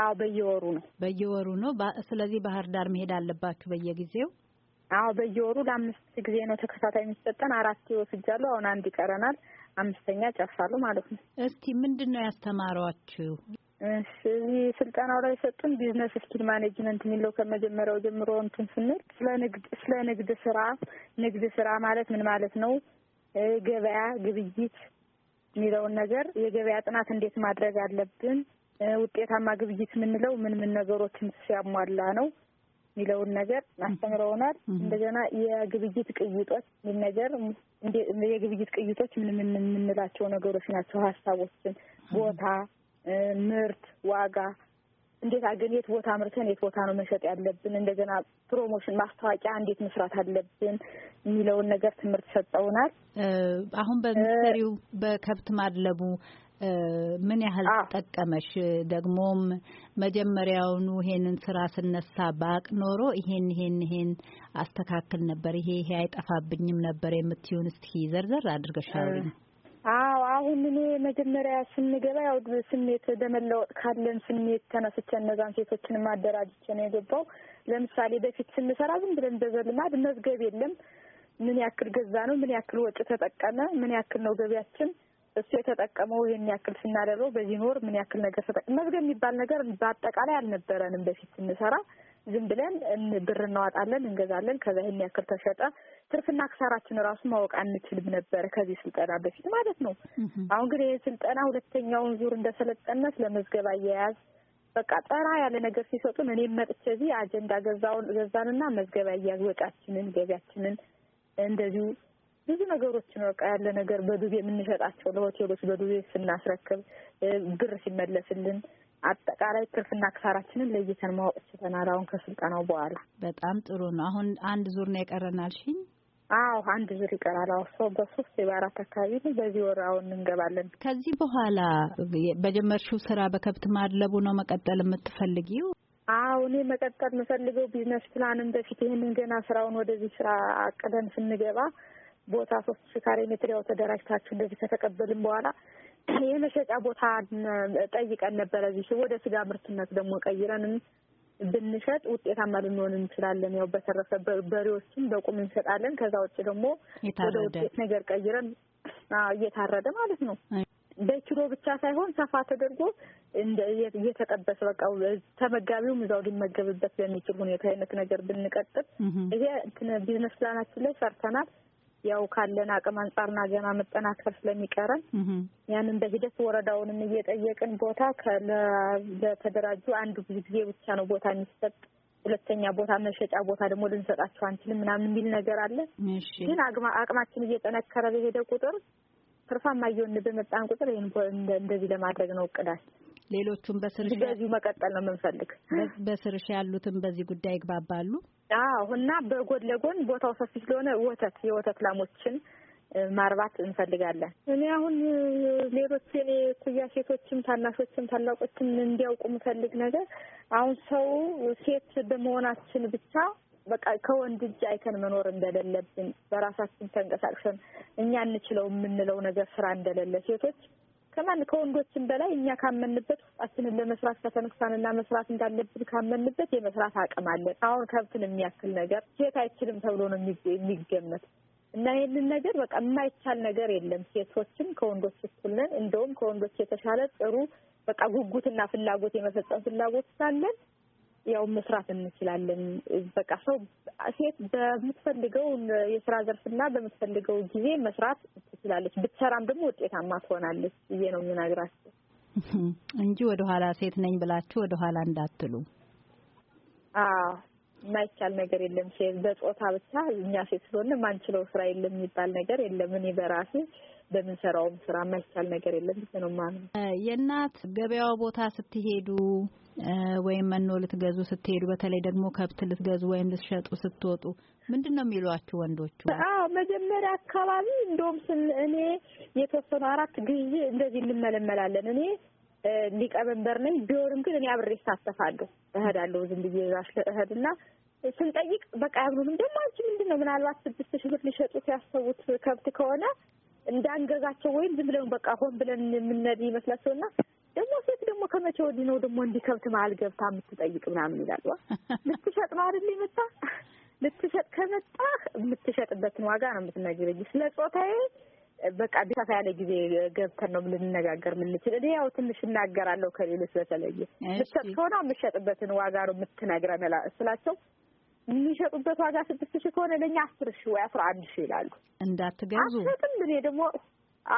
አዎ በየወሩ ነው፣ በየወሩ ነው። ስለዚህ ባህር ዳር መሄድ አለባችሁ በየጊዜው አዎ በየወሩ ለአምስት ጊዜ ነው ተከታታይ የሚሰጠን። አራት ይወስጃሉ። አሁን አንድ ይቀረናል። አምስተኛ ጨርሳሉ ማለት ነው። እስቲ ምንድን ነው ያስተማሯችሁ? እሺ እዚህ ስልጠናው ላይ የሰጡን ቢዝነስ ስኪል ማኔጅመንት የሚለው ከመጀመሪያው ጀምሮ እንትን ስንል ስለ ንግድ ስለ ንግድ ስራ ንግድ ስራ ማለት ምን ማለት ነው፣ ገበያ ግብይት የሚለውን ነገር የገበያ ጥናት እንዴት ማድረግ አለብን፣ ውጤታማ ግብይት የምንለው ምን ምን ነገሮችን ሲያሟላ ነው የሚለውን ነገር አስተምረውናል። እንደገና የግብይት ቅይጦች የሚል ነገር የግብይት ቅይጦች ምን ምን የምንላቸው ነገሮች ናቸው? ሀሳቦችን፣ ቦታ፣ ምርት፣ ዋጋ እንዴት አገን የት ቦታ ምርተን የት ቦታ ነው መሸጥ ያለብን፣ እንደገና ፕሮሞሽን ማስታወቂያ እንዴት መስራት አለብን የሚለውን ነገር ትምህርት ሰጠውናል። አሁን በምትሰሪው በከብት ማድለቡ ምን ያህል ተጠቀመሽ? ደግሞም መጀመሪያውኑ ይሄንን ስራ ስነሳ ባቅ ኖሮ ይሄን ይሄን ይሄን አስተካክል ነበር፣ ይሄ ይሄ አይጠፋብኝም ነበር የምትይውን እስኪ ዘርዘር አድርገሽ አዎ አሁን እኔ መጀመሪያ ስንገባ ያው ስሜት በመለወጥ ካለን ስሜት ተነስቼ እነዛን ሴቶችን አደራጅቼ ነው የገባው። ለምሳሌ በፊት ስንሰራ ዝም ብለን በዘልማድ መዝገብ የለም። ምን ያክል ገዛ ነው፣ ምን ያክል ወጪ ተጠቀመ፣ ምን ያክል ነው ገቢያችን እሱ የተጠቀመው ይህን ያክል ስናደርገው በዚህ ኖር ምን ያክል ነገር ተጠቅ መዝገ የሚባል ነገር በአጠቃላይ አልነበረንም። በፊት ስንሰራ ዝም ብለን ብር እናዋጣለን፣ እንገዛለን። ከዛ ይህን ያክል ተሸጠ ትርፍና ክሳራችን ራሱ ማወቅ አንችልም ነበረ ከዚህ ስልጠና በፊት ማለት ነው። አሁን ግን ይህ ስልጠና ሁለተኛውን ዙር እንደሰለጠነ ስለመዝገብ አያያዝ በቃ ጠራ ያለ ነገር ሲሰጡን እኔም መጥቼ እዚህ አጀንዳ ገዛውን ገዛንና መዝገብ አያያዝ ወጪያችንን ገቢያችንን እንደዚሁ ብዙ ነገሮችን በቃ ያለ ነገር በዱቤ የምንሸጣቸው ለሆቴሎች በዱቤ ስናስረክብ ብር ሲመለስልን አጠቃላይ ትርፍና ክሳራችንን ለይተን ማወቅ ችለናል። አሁን ከስልጠናው በኋላ በጣም ጥሩ ነው። አሁን አንድ ዙር ነው የቀረናል። እሺ፣ አዎ አንድ ዙር ይቀራል። አሁ ሰው በሶስት በአራት አካባቢ ነው። በዚህ ወር አሁን እንገባለን። ከዚህ በኋላ በጀመርሽው ስራ በከብት ማድለቡ ነው መቀጠል የምትፈልጊው? አዎ እኔ መቀጠል የምፈልገው ቢዝነስ ፕላንም በፊት ይህንን ገና ስራውን ወደዚህ ስራ አቅደን ስንገባ ቦታ ሶስት ሺ ካሬ ሜትር ያው ተደራጅታችሁ እንደዚህ ከተቀበልን በኋላ የመሸጫ ቦታ ጠይቀን ነበረ። እዚህ ወደ ስጋ ምርትነት ደግሞ ቀይረንም ብንሸጥ ውጤታማ ልንሆን እንችላለን። ያው በተረፈ በሬዎችም በቁም እንሸጣለን። ከዛ ውጭ ደግሞ ወደ ውጤት ነገር ቀይረን እየታረደ ማለት ነው። በኪሎ ብቻ ሳይሆን ሰፋ ተደርጎ እየተጠበሰ በቃ ተመጋቢውም እዛው ሊመገብበት በሚችል ሁኔታ አይነት ነገር ብንቀጥል ይሄ ቢዝነስ ፕላናችን ላይ ሰርተናል። ያው ካለን አቅም አንጻርና ገና መጠናከር ስለሚቀረን ያንን በሂደት ወረዳውንም እየጠየቅን ቦታ ለተደራጁ አንዱ ብዙ ጊዜ ብቻ ነው ቦታ የሚሰጥ ሁለተኛ ቦታ መሸጫ ቦታ ደግሞ ልንሰጣቸው አንችልም ምናምን የሚል ነገር አለ። ግን አቅማችን እየጠነከረ በሄደ ቁጥር ትርፋማ እየሆንን በመጣን ቁጥር ይህን እንደዚህ ለማድረግ ነው እቅዳችን። ሌሎቹም በስርሽ በዚሁ መቀጠል ነው የምንፈልግ። በስርሽ ያሉትም በዚህ ጉዳይ ይግባባሉ። አዎ እና በጎን ለጎን ቦታው ሰፊ ስለሆነ ወተት የወተት ላሞችን ማርባት እንፈልጋለን። እኔ አሁን ሌሎች የኔ ኩያ ሴቶችም ታናሾችም ታላቆችም እንዲያውቁ የምፈልግ ነገር አሁን ሰው ሴት በመሆናችን ብቻ በቃ ከወንድ እጅ አይተን መኖር እንደሌለብን በራሳችን ተንቀሳቅሰን እኛ እንችለው የምንለው ነገር ስራ እንደሌለ ሴቶች ከማን ከወንዶችም በላይ እኛ ካመንበት ውስጣችንን ለመስራት ከተነሳንና መስራት እንዳለብን ካመንበት የመስራት አቅም አለን። አሁን ከብትን የሚያክል ነገር ሴት አይችልም ተብሎ ነው የሚገመት እና ይህንን ነገር በቃ የማይቻል ነገር የለም። ሴቶችም ከወንዶች እኩል ነን። እንደውም ከወንዶች የተሻለ ጥሩ በቃ ጉጉትና ፍላጎት የመፈጸም ፍላጎት ሳለን ያው መስራት እንችላለን። በቃ ሰው ሴት በምትፈልገው የስራ ዘርፍና በምትፈልገው ጊዜ መስራት ትችላለች። ብትሰራም ደግሞ ውጤታማ ትሆናለች ብዬ ነው የምነግራቸው እንጂ ወደኋላ ሴት ነኝ ብላችሁ ወደኋላ እንዳትሉ። የማይቻል ነገር የለም። በጾታ ብቻ እኛ ሴት ስለሆነ ማንችለው ስራ የለም የሚባል ነገር የለም። እኔ በራሴ በምንሰራውም ስራ የማይቻል ነገር የለም ብዬ ነው የማምነው። የእናት ገበያው ቦታ ስትሄዱ ወይም መኖ ልትገዙ ስትሄዱ፣ በተለይ ደግሞ ከብት ልትገዙ ወይም ልትሸጡ ስትወጡ ምንድን ነው የሚሏችሁ ወንዶቹ? አዎ መጀመሪያ አካባቢ እንደውም ስን እኔ የተወሰኑ አራት ጊዜ እንደዚህ እንመለመላለን። እኔ ሊቀመንበር ነኝ። ቢሆንም ግን እኔ አብሬ እሳተፋለሁ፣ እሄዳለሁ። ዝም ብዬ እዛሽ እሄድና ስንጠይቅ በቃ ያምኑንም ደግሞ አንቺ ምንድን ነው ምናልባት ስድስት ሺህ ብር ሊሸጡት ያሰቡት ከብት ከሆነ እንዳንገዛቸው ወይም ዝም ብለን በቃ ሆን ብለን የምንሄድ ይመስላቸው እና ደግሞ ሴት ደግሞ ከመቼ ወዲህ ነው ደግሞ እንዲከብት መሀል ገብታ የምትጠይቅ ምናምን ይላሉ። ልትሸጥ ነው አይደል የመጣ ልትሸጥ ከመጣ የምትሸጥበትን ዋጋ ነው የምትነግረኝ። ስለ ጾታዬ በቃ ሰፋ ያለ ጊዜ ገብተን ነው ልንነጋገር ምንችል። እኔ ያው ትንሽ እናገራለሁ ከሌሎች በተለየ ልትሸጥ ከሆነ የምትሸጥበትን ዋጋ ነው የምትነግረን ስላቸው የሚሸጡበት ዋጋ ስድስት ሺህ ከሆነ ለእኛ አስር ሺህ ወይ አስራ አንድ ሺህ ይላሉ። እንዳትገዙ አሰጥም እኔ ደግሞ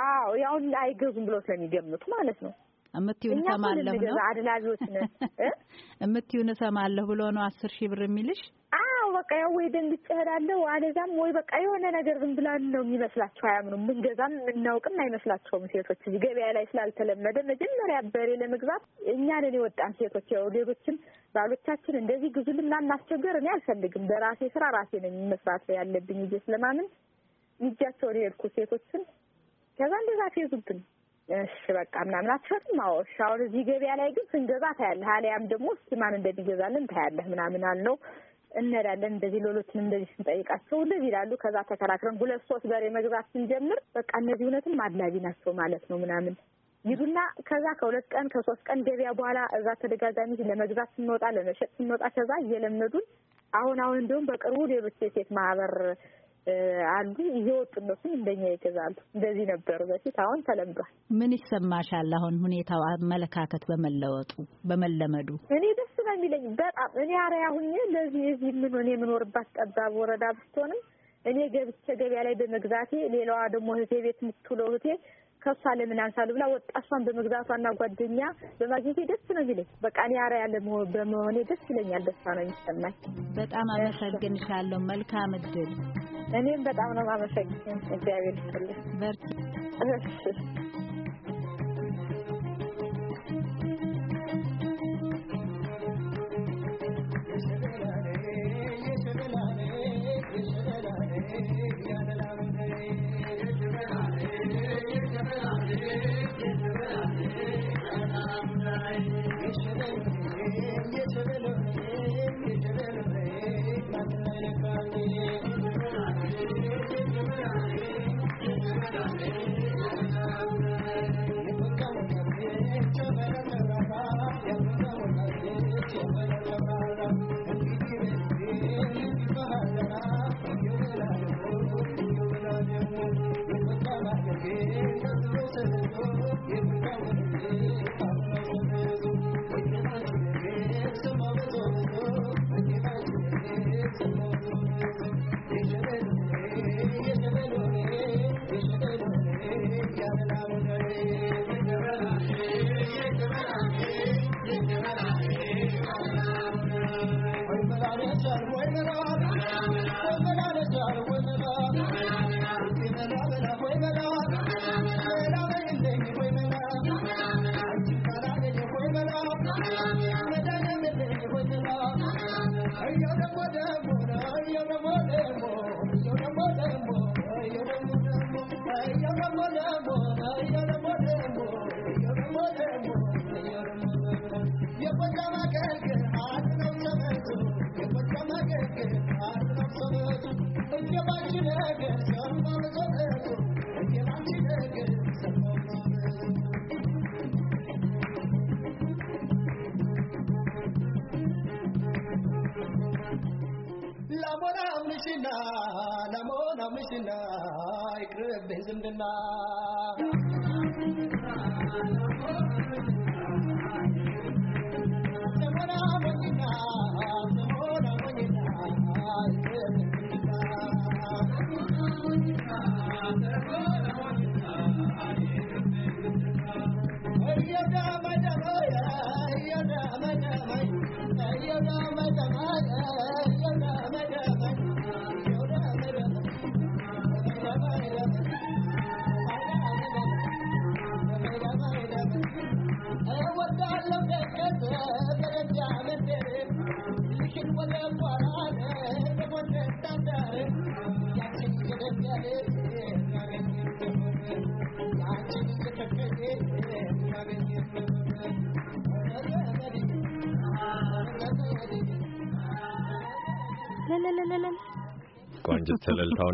አዎ ያውን አይገዙም ብሎ ስለሚገምቱ ማለት ነው። እምትዩን እሰማለሁ ነው አድላቢዎች ነን እምትዩን እሰማለሁ ብሎ ነው አስር ሺህ ብር የሚልሽ። በቃ ያው ወይ ደንግጬ እሄዳለሁ አለዛም ወይ በቃ የሆነ ነገር ዝም ብላን ነው የሚመስላቸው። አያምኑም። ምንገዛም የምናውቅም አይመስላቸውም። ሴቶች ገበያ ላይ ስላልተለመደ መጀመሪያ በሬ ለመግዛት እኛንን የወጣን ሴቶች ያው ሌሎችም ባሎቻችን እንደዚህ ግዙልን ምናምን ማስቸገር እኔ አልፈልግም። በራሴ ስራ ራሴ ነኝ መስራት ያለብኝ ይዤ ስለማምን ይጃቸውን የሄድኩ ሴቶችን ከዛ እንደዛ ፌዙብን እሺ በቃ ምናምን አትሸጥም። አዎ እሺ። አሁን እዚህ ገበያ ላይ ግን ስንገዛ ታያለህ፣ አሊያም ደግሞ እስኪ ማን እንደሚገዛልን ታያለህ ምናምን አልነው። እንሄዳለን። እንደዚህ ሌሎችን እንደዚህ ስንጠይቃቸው እንደዚህ ይላሉ። ከዛ ተከራክረን ሁለት ሶስት በሬ መግዛት ስንጀምር በቃ እነዚህ እውነትም አድላቢ ናቸው ማለት ነው ምናምን ይዱና ከዛ ከሁለት ቀን ከሶስት ቀን ገበያ በኋላ እዛ ተደጋጋሚ ለመግዛት ስንወጣ ለመሸጥ ስንወጣ ከዛ እየለመዱን አሁን አሁን እንዲሁም በቅርቡ ሌሎች የሴት ማህበር አሉ እየወጡ እነሱም እንደኛ ይገዛሉ። እንደዚህ ነበሩ በፊት፣ አሁን ተለምዷል። ምን ይሰማሻል? አሁን ሁኔታው አመለካከት በመለወጡ በመለመዱ እኔ ደስ ነው የሚለኝ። በጣም እኔ አርያ ሁኜ ለዚህ እዚህ ምን እኔ የምኖርባት ጠባብ ወረዳ ብትሆንም እኔ ገብቼ ገበያ ላይ በመግዛቴ ሌላዋ ደግሞ እህቴ ቤት የምትውለው እህቴ ከሷ ለምን አንሳሉ ብላ ወጣሷን በመግዛቷ እና ጓደኛ በማግኘቴ ደስ ነው የሚለኝ። በቃ እኔ አርያ በመሆኔ ደስ ይለኛል። ደስታ ነው የሚሰማኝ። በጣም አመሰግንሻለሁ። መልካም እድል። እኔም በጣም ነው የማመሰግን። እግዚአብሔር ይስጥልኝ። በርቺ። Yeah.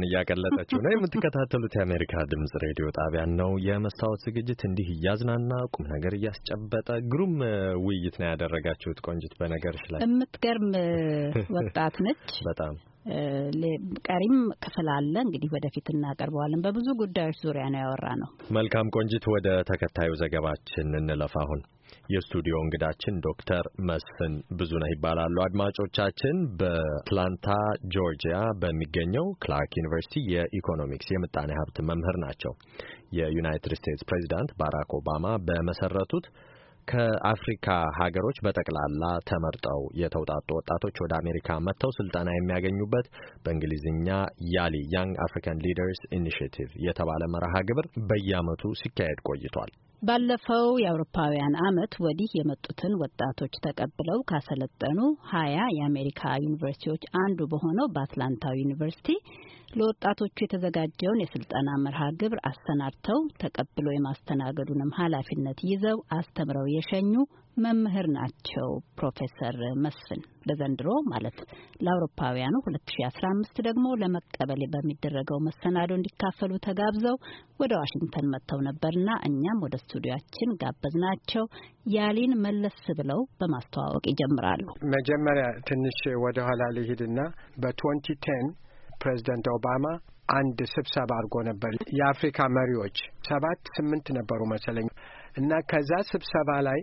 እያቀለጠችው ነው። የምትከታተሉት የአሜሪካ ድምጽ ሬዲዮ ጣቢያን ነው። የመስታወት ዝግጅት እንዲህ እያዝናና ቁም ነገር እያስጨበጠ ግሩም ውይይት ነው ያደረጋችሁት። ቆንጅት በነገርሽ ላይ የምትገርም ወጣት ነች በጣም ቀሪም ክፍል አለ እንግዲህ ወደፊት እናቀርበዋለን። በብዙ ጉዳዮች ዙሪያ ነው ያወራ ነው። መልካም ቆንጅት፣ ወደ ተከታዩ ዘገባችን እንለፍ አሁን የስቱዲዮ እንግዳችን ዶክተር መስፍን ብዙነህ ይባላሉ። አድማጮቻችን በአትላንታ ጆርጂያ በሚገኘው ክላርክ ዩኒቨርሲቲ የኢኮኖሚክስ የምጣኔ ሀብት መምህር ናቸው። የዩናይትድ ስቴትስ ፕሬዚዳንት ባራክ ኦባማ በመሰረቱት ከአፍሪካ ሀገሮች በጠቅላላ ተመርጠው የተውጣጡ ወጣቶች ወደ አሜሪካ መጥተው ስልጠና የሚያገኙበት በእንግሊዝኛ ያሊ ያንግ አፍሪካን ሊደርስ ኢኒሽቲቭ የተባለ መርሃ ግብር በየዓመቱ ሲካሄድ ቆይቷል። ባለፈው የአውሮፓውያን አመት ወዲህ የመጡትን ወጣቶች ተቀብለው ካሰለጠኑ ሀያ የአሜሪካ ዩኒቨርሲቲዎች አንዱ በሆነው በአትላንታ ዩኒቨርሲቲ ለወጣቶቹ የተዘጋጀውን የስልጠና መርሃ ግብር አሰናድተው ተቀብሎ የማስተናገዱንም ኃላፊነት ይዘው አስተምረው የሸኙ መምህር ናቸው። ፕሮፌሰር መስፍን ለዘንድሮ ማለት ለአውሮፓውያኑ 2015 ደግሞ ለመቀበል በሚደረገው መሰናዶ እንዲካፈሉ ተጋብዘው ወደ ዋሽንግተን መጥተው ነበርና እኛም ወደ ስቱዲያችን ጋበዝናቸው። ያሊን መለስ ብለው በማስተዋወቅ ይጀምራሉ። መጀመሪያ ትንሽ ወደ ኋላ ልሂድና በ2010 ፕሬዚደንት ኦባማ አንድ ስብሰባ አድርጎ ነበር። የአፍሪካ መሪዎች ሰባት ስምንት ነበሩ መሰለኝ እና ከዛ ስብሰባ ላይ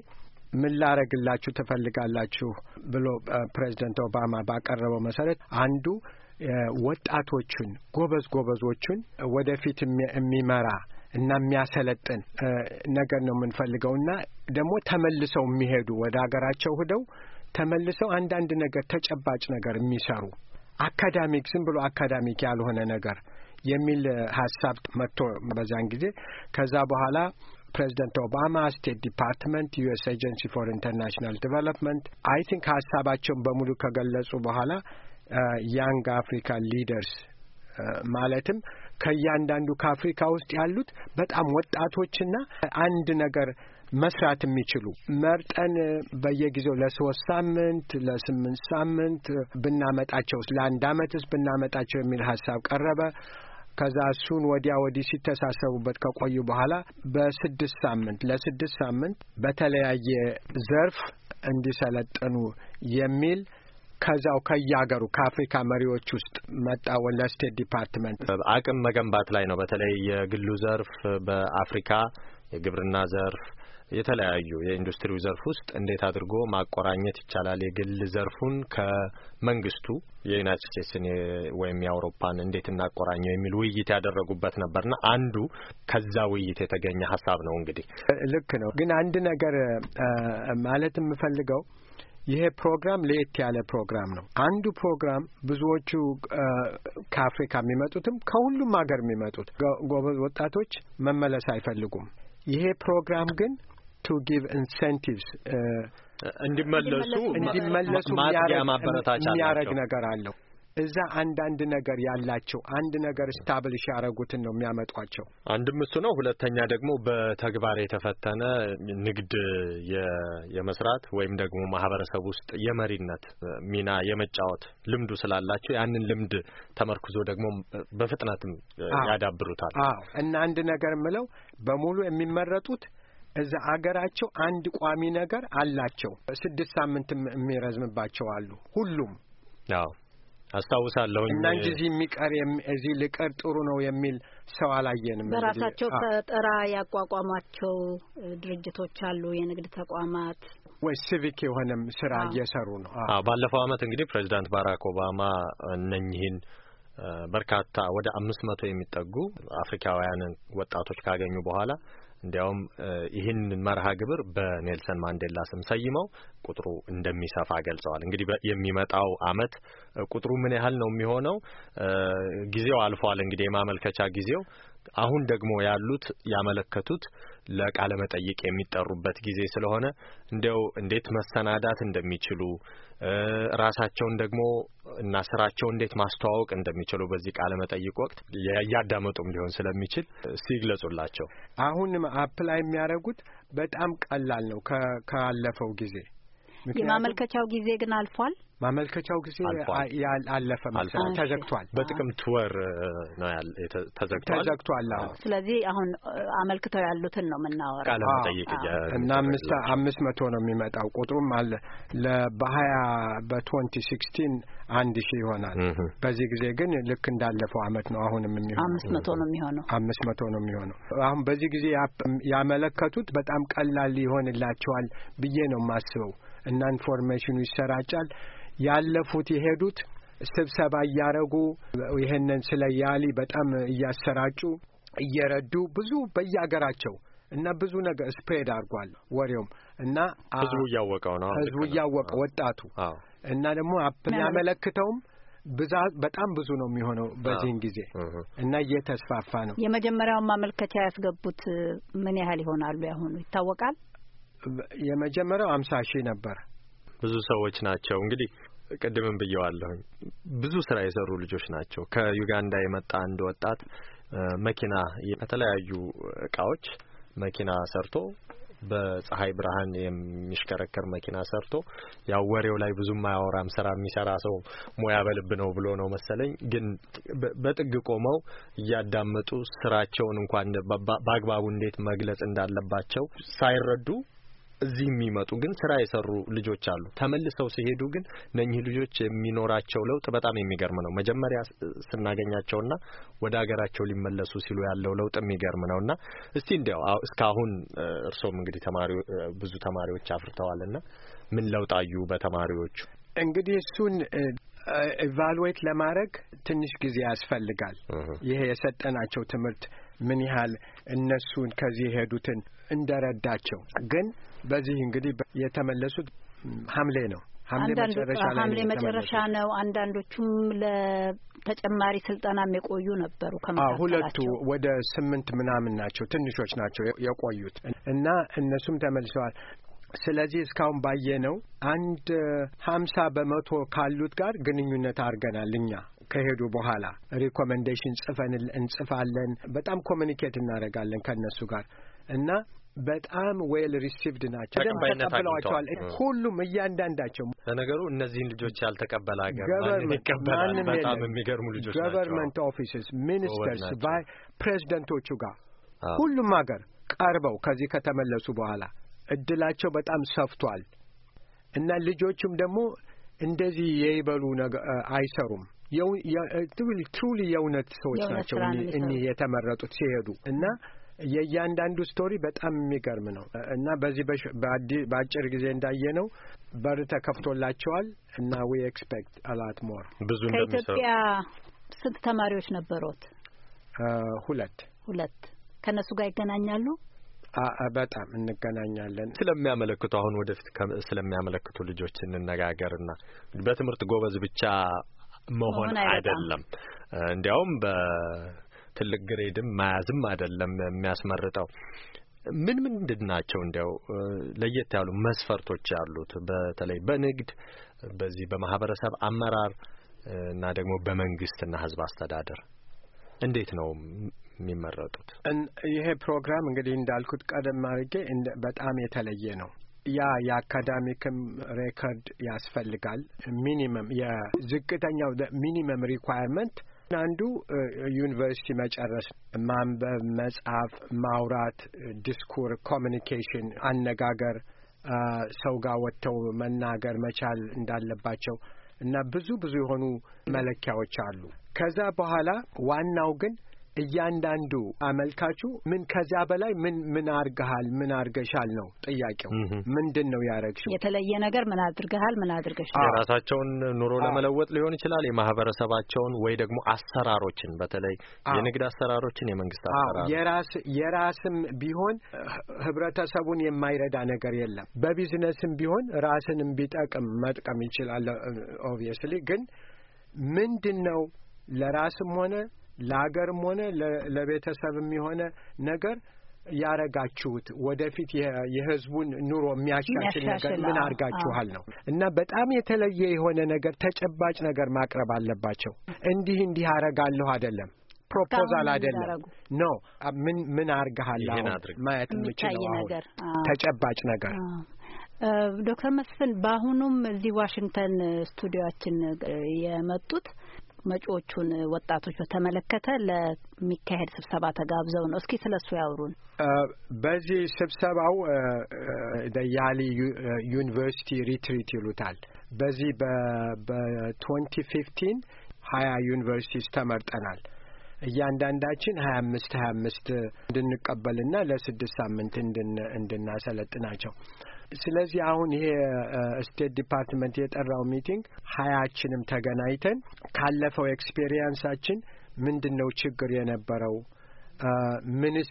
ምን ላረግላችሁ ትፈልጋላችሁ ብሎ ፕሬዚደንት ኦባማ ባቀረበው መሰረት አንዱ ወጣቶችን ጎበዝ ጎበዞችን ወደፊት የሚመራ እና የሚያሰለጥን ነገር ነው የምንፈልገው እና ደግሞ ተመልሰው የሚሄዱ ወደ ሀገራቸው ሂደው ተመልሰው አንዳንድ ነገር ተጨባጭ ነገር የሚሰሩ አካዳሚክ ዝም ብሎ አካዳሚክ ያልሆነ ነገር የሚል ሀሳብ መጥቶ በዛን ጊዜ ከዛ በኋላ ፕሬዚደንት ኦባማ ስቴት ዲፓርትመንት ዩኤስ ኤጀንሲ ፎር ኢንተርናሽናል ዲቨሎፕመንት አይ ቲንክ ሀሳባቸውን በሙሉ ከገለጹ በኋላ ያንግ አፍሪካ ሊደርስ ማለትም ከእያንዳንዱ ከአፍሪካ ውስጥ ያሉት በጣም ወጣቶችና አንድ ነገር መስራት የሚችሉ መርጠን በየጊዜው ለሶስት ሳምንት ለስምንት ሳምንት ብናመጣቸው ለአንድ አመትስ ብናመጣቸው የሚል ሀሳብ ቀረበ። ከዛ እሱን ወዲያ ወዲህ ሲተሳሰቡበት ከቆዩ በኋላ በስድስት ሳምንት ለስድስት ሳምንት በተለያየ ዘርፍ እንዲሰለጥኑ የሚል ከዛው ከየሀገሩ ከአፍሪካ መሪዎች ውስጥ መጣ። ስቴት ዲፓርትመንት አቅም መገንባት ላይ ነው። በተለይ የግሉ ዘርፍ በአፍሪካ የግብርና ዘርፍ የተለያዩ የኢንዱስትሪው ዘርፍ ውስጥ እንዴት አድርጎ ማቆራኘት ይቻላል? የግል ዘርፉን ከመንግስቱ የዩናይትድ ስቴትስን ወይም የአውሮፓን እንዴት እናቆራኘው የሚል ውይይት ያደረጉበት ነበርና አንዱ ከዛ ውይይት የተገኘ ሀሳብ ነው። እንግዲህ ልክ ነው። ግን አንድ ነገር ማለት የምፈልገው ይሄ ፕሮግራም ለየት ያለ ፕሮግራም ነው። አንዱ ፕሮግራም ብዙዎቹ ከአፍሪካ የሚመጡትም ከሁሉም ሀገር የሚመጡት ጎበዝ ወጣቶች መመለስ አይፈልጉም። ይሄ ፕሮግራም ግን to give incentives uh, እንዲመለሱ እንዲመለሱ የሚያረግ ነገር አለው። እዛ አንዳንድ ነገር ያላቸው አንድ ነገር ስታብልሽ ያደረጉትን ነው የሚያመጧቸው። አንድም እሱ ነው። ሁለተኛ ደግሞ በተግባር የተፈተነ ንግድ የመስራት ወይም ደግሞ ማህበረሰብ ውስጥ የመሪነት ሚና የመጫወት ልምዱ ስላላቸው ያንን ልምድ ተመርኩዞ ደግሞ በፍጥነትም ያዳብሩታል እና አንድ ነገር ምለው በሙሉ የሚመረጡት እዛ አገራቸው አንድ ቋሚ ነገር አላቸው። ስድስት ሳምንት የሚረዝምባቸው አሉ። ሁሉም አዎ አስታውሳለሁ እና እንጂ እዚህ የሚቀር እዚህ ልቀር ጥሩ ነው የሚል ሰው አላየንም። በራሳቸው ፈጠራ ያቋቋሟቸው ድርጅቶች አሉ፣ የንግድ ተቋማት ወይ ሲቪክ የሆነም ስራ እየሰሩ ነው። አዎ ባለፈው አመት እንግዲህ ፕሬዚዳንት ባራክ ኦባማ እነኝህን በርካታ ወደ አምስት መቶ የሚጠጉ አፍሪካውያንን ወጣቶች ካገኙ በኋላ እንዲያውም ይህንን መርሃ ግብር በኔልሰን ማንዴላ ስም ሰይመው ቁጥሩ እንደሚሰፋ ገልጸዋል። እንግዲህ የሚመጣው አመት ቁጥሩ ምን ያህል ነው የሚሆነው? ጊዜው አልፏል። እንግዲህ የማመልከቻ ጊዜው አሁን ደግሞ ያሉት ያመለከቱት ለቃለ መጠይቅ የሚጠሩበት ጊዜ ስለሆነ እንዲያው እንዴት መሰናዳት እንደሚችሉ ራሳቸውን ደግሞ እና ስራቸው እንዴት ማስተዋወቅ እንደሚችሉ በዚህ ቃለ መጠይቅ ወቅት እያዳመጡም ሊሆን ስለሚችል እስቲ ይግለጹላቸው። አሁን አፕላይ የሚያደርጉት በጣም ቀላል ነው ካለፈው ጊዜ የማመልከቻው ጊዜ ግን አልፏል። ማመልከቻው ጊዜ አለፈ መሰለኝ፣ ተዘግቷል። በጥቅምት ወር ነው ያለ ተዘግቷል፣ ተዘግቷል። ስለዚህ አሁን አመልክተው ያሉትን ነው የምናወራው። ቃለ መጠይቅ እና አምስት አምስት መቶ ነው የሚመጣው ቁጥሩም አለ በሀያ በትወንቲ ሲክስቲን አንድ ሺህ ይሆናል። በዚህ ጊዜ ግን ልክ እንዳለፈው አመት ነው አሁንም የሚሆነው አምስት መቶ ነው የሚሆነው አምስት መቶ ነው የሚሆነው። አሁን በዚህ ጊዜ ያመለከቱት በጣም ቀላል ይሆንላቸዋል ብዬ ነው የማስበው። እና ኢንፎርሜሽኑ ይሰራጫል። ያለፉት የሄዱት ስብሰባ እያረጉ ይህንን ስለ ያሊ በጣም እያሰራጩ እየረዱ ብዙ በየሀገራቸው እና ብዙ ነገር ስፕሬድ አድርጓል ወሬውም እና ህዝቡ እያወቀው ነው። ህዝቡ እያወቀ ወጣቱ እና ደግሞ የሚያመለክተውም ብዛት በጣም ብዙ ነው የሚሆነው በዚህን ጊዜ እና እየተስፋፋ ነው። የመጀመሪያውን ማመልከቻ ያስገቡት ምን ያህል ይሆናሉ? ያሁኑ ይታወቃል። የመጀመሪያው አምሳ ሺህ ነበር። ብዙ ሰዎች ናቸው እንግዲህ ቅድምም ብየዋለሁኝ ብዙ ስራ የሰሩ ልጆች ናቸው። ከዩጋንዳ የመጣ አንድ ወጣት መኪና ከተለያዩ እቃዎች መኪና ሰርቶ በፀሐይ ብርሃን የሚሽከረከር መኪና ሰርቶ ያው ወሬው ላይ ብዙም አያወራም። ስራ የሚሰራ ሰው ሙያ በልብ ነው ብሎ ነው መሰለኝ። ግን በጥግ ቆመው እያዳመጡ ስራቸውን እንኳን በአግባቡ እንዴት መግለጽ እንዳለባቸው ሳይረዱ እዚህ የሚመጡ ግን ስራ የሰሩ ልጆች አሉ። ተመልሰው ሲሄዱ ግን እነኚህ ልጆች የሚኖራቸው ለውጥ በጣም የሚገርም ነው። መጀመሪያ ስናገኛቸውና ወደ ሀገራቸው ሊመለሱ ሲሉ ያለው ለውጥ የሚገርም እና እስቲ እንዲያው እስካሁን እርሶም እንግዲህ ተማሪ ብዙ ተማሪዎች አፍርተዋልና ምን ለውጥ አዩ በተማሪዎቹ? እንግዲህ እሱን ኢቫሉዌት ለማድረግ ትንሽ ጊዜ ያስፈልጋል። ይሄ የሰጠናቸው ትምህርት ምን ያህል እነሱን ከዚህ የሄዱትን እንደረዳቸው ግን በዚህ እንግዲህ የተመለሱት ሐምሌ ነው። ሐምሌ መጨረሻ ነው። አንዳንዶቹም ለተጨማሪ ስልጠና የቆዩ ነበሩ። ሁለቱ ወደ ስምንት ምናምን ናቸው። ትንሾች ናቸው የቆዩት እና እነሱም ተመልሰዋል። ስለዚህ እስካሁን ባየ ነው አንድ ሀምሳ በመቶ ካሉት ጋር ግንኙነት አድርገናል እኛ ከሄዱ በኋላ ሪኮሜንዴሽን ጽፈን እንጽፋለን። በጣም ኮሚኒኬት እናደርጋለን ከእነሱ ጋር እና በጣም ዌል ሪሲቭድ ናቸው። ተቀብለዋቸዋል። ሁሉም እያንዳንዳቸው ለነገሩ እነዚህን ልጆች ያልተቀበለ ሀገር ይቀበላል። በጣም የሚገርሙ ልጆች ናቸው። ገቨርንመንት ኦፊስስ፣ ሚኒስተርስ፣ ባይ ፕሬዚደንቶቹ ጋር ሁሉም ሀገር ቀርበው ከዚህ ከተመለሱ በኋላ እድላቸው በጣም ሰፍቷል እና ልጆቹም ደግሞ እንደዚህ የይበሉ አይሰሩም። ትሩሊ የእውነት ሰዎች ናቸው እኒህ የተመረጡት ሲሄዱ እና የእያንዳንዱ ስቶሪ በጣም የሚገርም ነው እና በዚህ በአጭር ጊዜ እንዳየነው በር ተከፍቶላቸዋል እና ዊ ኤክስፔክት አላት ሞር ብዙ ከኢትዮጵያ ስንት ተማሪዎች ነበሩት? ሁለት ሁለት ከእነሱ ጋር ይገናኛሉ። በጣም እንገናኛለን። ስለሚያመለክቱ አሁን ወደፊት ስለሚያመለክቱ ልጆች እንነጋገርና በትምህርት ጎበዝ ብቻ መሆን አይደለም እንዲያውም ትልቅ ግሬድም መያዝም አይደለም የሚያስመርጠው። ምን ምንድን ናቸው እንዲያው ለየት ያሉ መስፈርቶች ያሉት በተለይ በንግድ በዚህ በማህበረሰብ አመራር እና ደግሞ በመንግስትና ህዝብ አስተዳደር እንዴት ነው የሚመረጡት? ይሄ ፕሮግራም እንግዲህ እንዳልኩት ቀደም አድርጌ በጣም የተለየ ነው። ያ የአካዳሚክም ሬከርድ ያስፈልጋል። ሚኒመም የዝቅተኛው ሚኒመም ሪኳየርመንት አንዱ ዩኒቨርሲቲ መጨረስ፣ ማንበብ፣ መጻፍ፣ ማውራት፣ ዲስኩር፣ ኮሚኒኬሽን፣ አነጋገር፣ ሰው ጋር ወጥተው መናገር መቻል እንዳለባቸው እና ብዙ ብዙ የሆኑ መለኪያዎች አሉ። ከዛ በኋላ ዋናው ግን እያንዳንዱ አመልካቹ ምን ከዚያ በላይ ምን ምን አርገሃል ምን አርገሻል ነው ጥያቄው። ምንድን ነው ያረግሽው? የተለየ ነገር ምን አድርገሃል ምን አድርገሻል? የራሳቸውን ኑሮ ለመለወጥ ሊሆን ይችላል፣ የማህበረሰባቸውን ወይ ደግሞ አሰራሮችን፣ በተለይ የንግድ አሰራሮችን፣ የመንግስት አሰራሮች የራስ የራስም ቢሆን ህብረተሰቡን የማይረዳ ነገር የለም። በቢዝነስም ቢሆን ራስንም ቢጠቅም መጥቀም ይችላል። ኦብቪየስሊ ግን ምንድን ነው ለራስም ሆነ ለአገርም ሆነ ለቤተሰብም የሆነ ነገር ያረጋችሁት ወደፊት የህዝቡን ኑሮ የሚያሻሽል ነገር ምን አርጋችኋል ነው እና በጣም የተለየ የሆነ ነገር ተጨባጭ ነገር ማቅረብ አለባቸው። እንዲህ እንዲህ አረጋለሁ አይደለም ፕሮፖዛል አይደለም ኖ ምን ምን አርገሃል ማየት የምችለው ነገር ተጨባጭ ነገር ዶክተር መስፍን በአሁኑም እዚህ ዋሽንግተን ስቱዲዮችን የመጡት መጪዎቹን ወጣቶች በተመለከተ ለሚካሄድ ስብሰባ ተጋብዘው ነው። እስኪ ስለ እሱ ያውሩን። በዚህ ስብሰባው ያሊ ዩኒቨርሲቲ ሪትሪት ይሉታል። በዚህ በትወንቲ ፊፍቲን ሀያ ዩኒቨርሲቲስ ተመርጠናል። እያንዳንዳችን ሀያ አምስት ሀያ አምስት እንድንቀበልና ለስድስት ሳምንት እንድናሰለጥናቸው ስለዚህ አሁን ይሄ ስቴት ዲፓርትመንት የጠራው ሚቲንግ ሀያችንም ተገናኝተን ካለፈው ኤክስፔሪየንሳችን ምንድን ነው ችግር የነበረው፣ ምንስ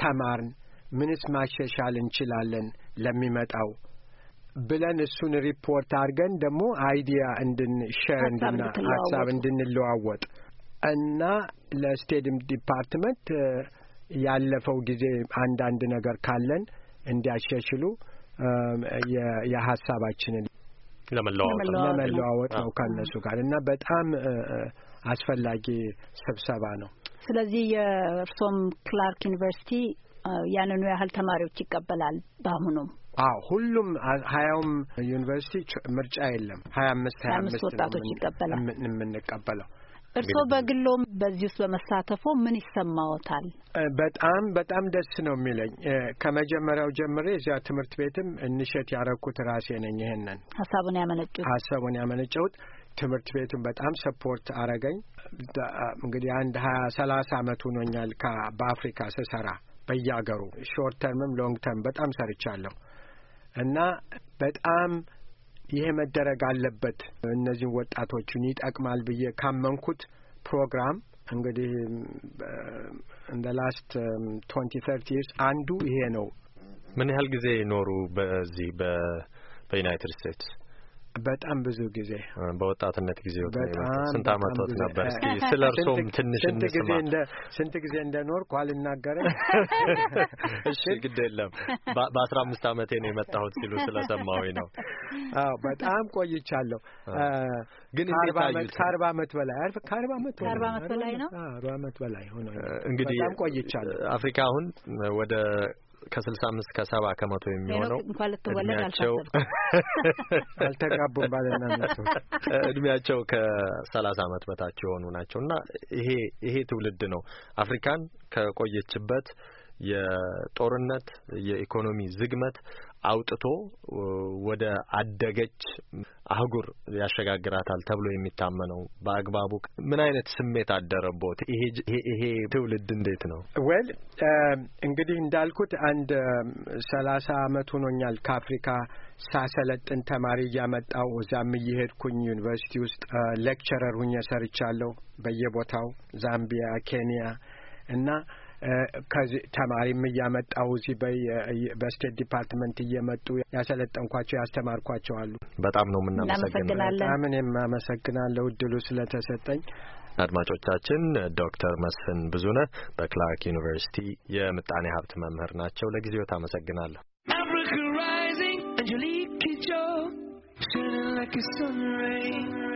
ተማርን፣ ምንስ ማሻሻል እንችላለን ለሚመጣው ብለን እሱን ሪፖርት አድርገን ደግሞ አይዲያ እንድንሸር እንድና ሀሳብ እንድንለዋወጥ እና ለስቴዲየም ዲፓርትመንት ያለፈው ጊዜ አንዳንድ ነገር ካለን እንዲያሻሽሉ የሀሳባችንን ለመለዋወጥ ነው ከነሱ ጋር እና በጣም አስፈላጊ ስብሰባ ነው። ስለዚህ የእርሶም ክላርክ ዩኒቨርሲቲ ያንኑ ያህል ተማሪዎች ይቀበላል በአሁኑም? አዎ ሁሉም ሀያውም ዩኒቨርሲቲ ምርጫ የለም። ሀያ አምስት ሀያ አምስት ወጣቶች ይቀበላል የምንቀበለው እርስዎ በግሎም በዚህ ውስጥ በመሳተፎ ምን ይሰማዎታል? በጣም በጣም ደስ ነው የሚለኝ። ከመጀመሪያው ጀምሬ እዚያ ትምህርት ቤትም እንሸት ያረኩት ራሴ ነኝ። ይሄንን ሀሳቡን ያመነጩት ሀሳቡን ያመነጨሁት ትምህርት ቤቱን በጣም ሰፖርት አረገኝ። እንግዲህ አንድ ሀያ ሰላሳ አመት ሆኖኛል በአፍሪካ ስሰራ በየአገሩ ሾርት ተርምም ሎንግ ተርም በጣም ሰርቻለሁ እና በጣም ይሄ መደረግ አለበት እነዚህን ወጣቶቹን ይጠቅማል ብዬ ካመንኩት ፕሮግራም እንግዲህ እንደ ላስት ትዌንቲ ተርቲ ይርስ አንዱ ይሄ ነው። ምን ያህል ጊዜ ኖሩ በዚህ በዩናይትድ ስቴትስ? በጣም ብዙ ጊዜ በወጣትነት ጊዜ ስንት አመታት ነበር? እስኪ ስለ እርሶም ትንሽ እንስማ። ስንት ጊዜ እንደኖር እንደኖርኩ አልናገርም። እሺ፣ ግድ የለም። በአስራ አምስት አመቴ ነው የመጣሁት ሲሉ ስለ ስለሰማሁኝ ነው። አዎ፣ በጣም ቆይቻለሁ። ግን ከአርባ አመት በላይ አርፍ ከአርባ አመት በላይ ነው። አርባ አመት በላይ ሆኖ እንግዲህ በጣም ቆይቻለሁ። አፍሪካ አሁን ወደ ከስልሳ አምስት ከሰባ ከመቶ የሚሆነው እድሜያቸው አልተጋቡም ባልና እድሜያቸው ከሰላሳ አመት በታች የሆኑ ናቸው እና ይሄ ይሄ ትውልድ ነው አፍሪካን ከቆየችበት የጦርነት የኢኮኖሚ ዝግመት አውጥቶ ወደ አደገች አህጉር ያሸጋግራታል ተብሎ የሚታመነው በአግባቡ ምን አይነት ስሜት አደረቦት? ይሄ ትውልድ እንዴት ነው? ወል እንግዲህ እንዳልኩት አንድ ሰላሳ አመት ሆኖኛል ከአፍሪካ ሳሰለጥን ተማሪ እያመጣው እዛም እየሄድኩኝ ዩኒቨርሲቲ ውስጥ ሌክቸረር ሁኜ ሰርቻለሁ። በየቦታው ዛምቢያ፣ ኬንያ እና ከዚህ ተማሪም እያመጣው እዚህ በስቴት ዲፓርትመንት እየመጡ ያሰለጠንኳቸው ያስተማርኳቸው አሉ። በጣም ነው የምናመሰግናለን። በጣም እኔም አመሰግናለሁ እድሉ ስለተሰጠኝ። አድማጮቻችን ዶክተር መስፍን ብዙነ በክላርክ ዩኒቨርሲቲ የምጣኔ ሀብት መምህር ናቸው። ለጊዜው ታመሰግናለሁ። Angelique Kidjo, shining like a sun ray.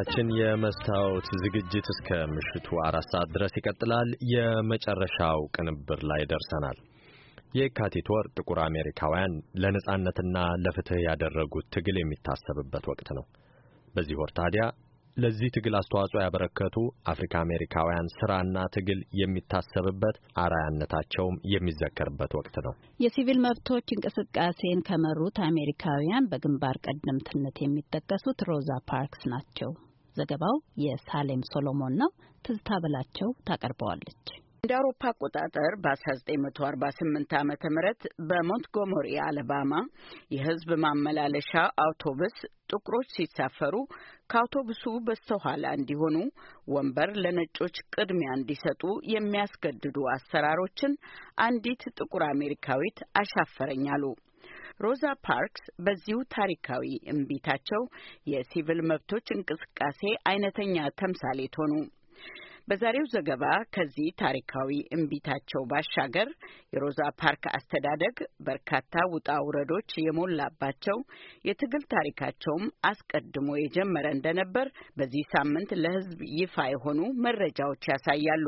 አድማጮቻችን የመስታወት ዝግጅት እስከ ምሽቱ አራት ሰዓት ድረስ ይቀጥላል። የመጨረሻው ቅንብር ላይ ደርሰናል። የካቲት ወር ጥቁር አሜሪካውያን ለነጻነትና ለፍትህ ያደረጉት ትግል የሚታሰብበት ወቅት ነው። በዚህ ወር ታዲያ ለዚህ ትግል አስተዋጽኦ ያበረከቱ አፍሪካ አሜሪካውያን ስራና ትግል የሚታሰብበት አርአያነታቸውም የሚዘከርበት ወቅት ነው። የሲቪል መብቶች እንቅስቃሴን ከመሩት አሜሪካውያን በግንባር ቀደምትነት የሚጠቀሱት ሮዛ ፓርክስ ናቸው። ዘገባው የሳሌም ሶሎሞን ነው። ትዝታ በላቸው ታቀርበዋለች። እንደ አውሮፓ አቆጣጠር በ1948 ዓ ም በሞንትጎሞሪ አለባማ የህዝብ ማመላለሻ አውቶቡስ ጥቁሮች ሲሳፈሩ ከአውቶቡሱ በስተኋላ እንዲሆኑ፣ ወንበር ለነጮች ቅድሚያ እንዲሰጡ የሚያስገድዱ አሰራሮችን አንዲት ጥቁር አሜሪካዊት አሻፈረኝ አሉ። ሮዛ ፓርክስ በዚሁ ታሪካዊ እምቢታቸው የሲቪል መብቶች እንቅስቃሴ አይነተኛ ተምሳሌት ሆኑ። በዛሬው ዘገባ ከዚህ ታሪካዊ እምቢታቸው ባሻገር የሮዛ ፓርክ አስተዳደግ በርካታ ውጣ ውረዶች የሞላባቸው የትግል ታሪካቸውም አስቀድሞ የጀመረ እንደነበር በዚህ ሳምንት ለሕዝብ ይፋ የሆኑ መረጃዎች ያሳያሉ።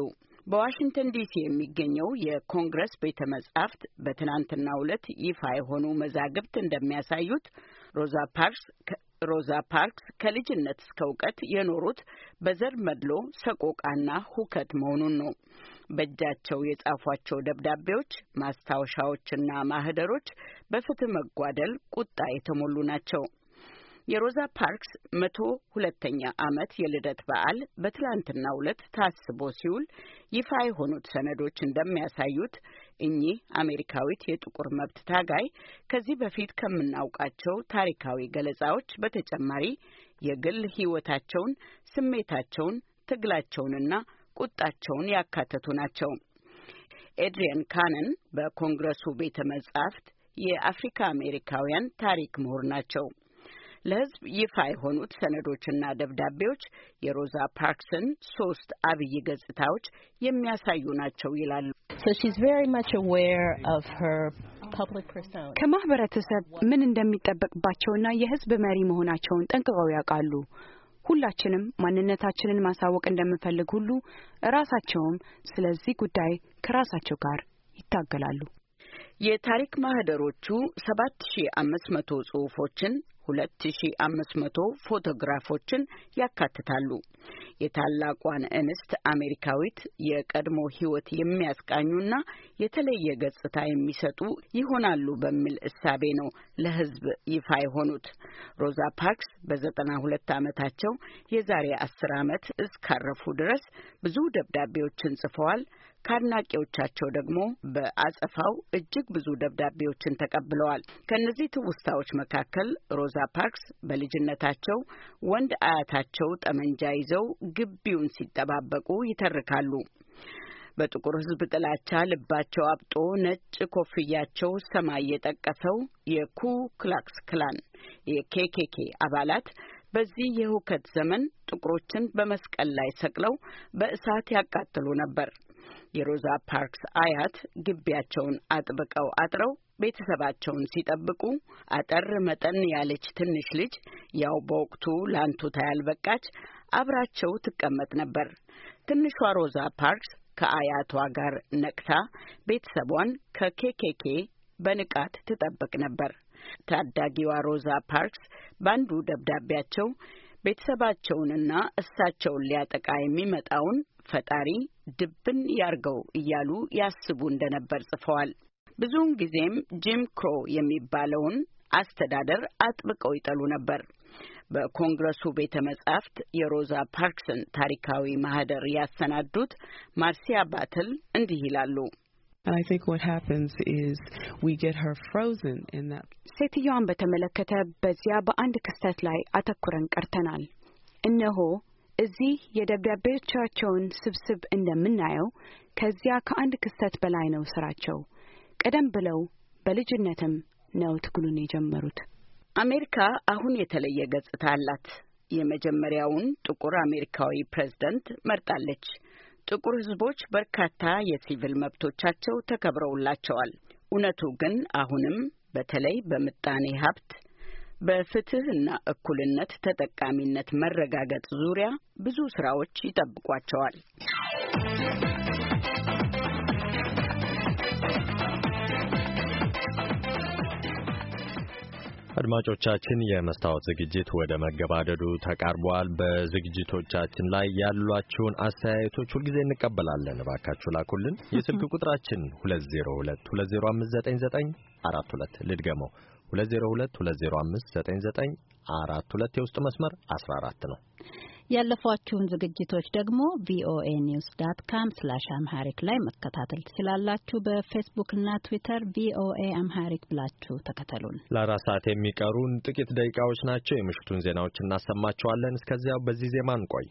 በዋሽንግተን ዲሲ የሚገኘው የኮንግረስ ቤተ መጻሕፍት በትናንትናው ዕለት ይፋ የሆኑ መዛግብት እንደሚያሳዩት ሮዛ ፓርክስ ሮዛ ፓርክስ ከልጅነት እስከ እውቀት የኖሩት በዘር መድሎ ሰቆቃና ሁከት መሆኑን ነው። በእጃቸው የጻፏቸው ደብዳቤዎች፣ ማስታወሻዎችና ማህደሮች በፍትህ መጓደል ቁጣ የተሞሉ ናቸው። የሮዛ ፓርክስ መቶ ሁለተኛ ዓመት የልደት በዓል በትላንትናው ዕለት ታስቦ ሲውል ይፋ የሆኑት ሰነዶች እንደሚያሳዩት እኚህ አሜሪካዊት የጥቁር መብት ታጋይ ከዚህ በፊት ከምናውቃቸው ታሪካዊ ገለጻዎች በተጨማሪ የግል ሕይወታቸውን፣ ስሜታቸውን፣ ትግላቸውንና ቁጣቸውን ያካተቱ ናቸው። ኤድሪያን ካነን በኮንግረሱ ቤተ መጻሕፍት የአፍሪካ አሜሪካውያን ታሪክ ምሁር ናቸው። ለሕዝብ ይፋ የሆኑት ሰነዶችና ደብዳቤዎች የሮዛ ፓርክስን ሶስት አብይ ገጽታዎች የሚያሳዩ ናቸው ይላሉ። ከማህበረተሰብ ምን እንደሚጠበቅባቸውና የሕዝብ መሪ መሆናቸውን ጠንቅቀው ያውቃሉ። ሁላችንም ማንነታችንን ማሳወቅ እንደምንፈልግ ሁሉ ራሳቸውም ስለዚህ ጉዳይ ከራሳቸው ጋር ይታገላሉ። የታሪክ ማህደሮቹ ሰባት ሺ አምስት መቶ ጽሁፎችን 2500 ፎቶግራፎችን ያካትታሉ። የታላቋን እንስት አሜሪካዊት የቀድሞ ሕይወት የሚያስቃኙና የተለየ ገጽታ የሚሰጡ ይሆናሉ በሚል እሳቤ ነው ለሕዝብ ይፋ የሆኑት። ሮዛ ፓርክስ በዘጠና ሁለት ዓመታቸው የዛሬ አስር ዓመት እስካረፉ ድረስ ብዙ ደብዳቤዎችን ጽፈዋል። ከአድናቂዎቻቸው ደግሞ በአጸፋው እጅግ ብዙ ደብዳቤዎችን ተቀብለዋል። ከእነዚህ ትውስታዎች መካከል ሮዛ ፓርክስ በልጅነታቸው ወንድ አያታቸው ጠመንጃ ይዘው ግቢውን ሲጠባበቁ ይተርካሉ። በጥቁር ሕዝብ ጥላቻ ልባቸው አብጦ ነጭ ኮፍያቸው ሰማይ የጠቀሰው የኩ ክላክስ ክላን የኬኬኬ አባላት በዚህ የሁከት ዘመን ጥቁሮችን በመስቀል ላይ ሰቅለው በእሳት ያቃጥሉ ነበር። የሮዛ ፓርክስ አያት ግቢያቸውን አጥብቀው አጥረው ቤተሰባቸውን ሲጠብቁ አጠር መጠን ያለች ትንሽ ልጅ ያው በወቅቱ ላንቱታ ያልበቃች አብራቸው ትቀመጥ ነበር። ትንሿ ሮዛ ፓርክስ ከአያቷ ጋር ነቅታ ቤተሰቧን ከኬኬኬ በንቃት ትጠብቅ ነበር። ታዳጊዋ ሮዛ ፓርክስ በአንዱ ደብዳቤያቸው ቤተሰባቸውንና እሳቸውን ሊያጠቃ የሚመጣውን ፈጣሪ ድብን ያርገው እያሉ ያስቡ እንደነበር ጽፈዋል። ብዙውን ጊዜም ጂም ክሮ የሚባለውን አስተዳደር አጥብቀው ይጠሉ ነበር። በኮንግረሱ ቤተ መጻሕፍት የሮዛ ፓርክስን ታሪካዊ ማህደር ያሰናዱት ማርሲያ ባትል እንዲህ ይላሉ። ሴትዮዋን በተመለከተ በዚያ በአንድ ክስተት ላይ አተኩረን ቀርተናል። እነሆ እዚህ የደብዳቤዎቻቸውን ስብስብ እንደምናየው ከዚያ ከአንድ ክስተት በላይ ነው ስራቸው። ቀደም ብለው በልጅነትም ነው ትግሉን የጀመሩት። አሜሪካ አሁን የተለየ ገጽታ አላት። የመጀመሪያውን ጥቁር አሜሪካዊ ፕሬዝደንት መርጣለች። ጥቁር ሕዝቦች በርካታ የሲቪል መብቶቻቸው ተከብረውላቸዋል። እውነቱ ግን አሁንም በተለይ በምጣኔ ሀብት በፍትህና እኩልነት ተጠቃሚነት መረጋገጥ ዙሪያ ብዙ ስራዎች ይጠብቋቸዋል። አድማጮቻችን፣ የመስታወት ዝግጅት ወደ መገባደዱ ተቃርቧል። በዝግጅቶቻችን ላይ ያሏችሁን አስተያየቶች ሁልጊዜ እንቀበላለን። እባካችሁ ላኩልን። የስልክ ቁጥራችን ሁለት ዜሮ ሁለት ሁለት ዜሮ አምስት ዘጠኝ ዘጠኝ አራት ሁለት ልድገመው 2022059942 የውስጥ መስመር 14 ነው። ያለፏችሁን ዝግጅቶች ደግሞ ቪኦኤ ኒውስ ዳት ካም ስላሽ አምሃሪክ ላይ መከታተል ትችላላችሁ። በፌስቡክና ትዊተር ቪኦኤ አምሃሪክ ብላችሁ ተከተሉን። ለአራት ሰዓት የሚቀሩን ጥቂት ደቂቃዎች ናቸው። የምሽቱን ዜናዎች እናሰማቸዋለን። እስከዚያው በዚህ ዜማ እንቆይ።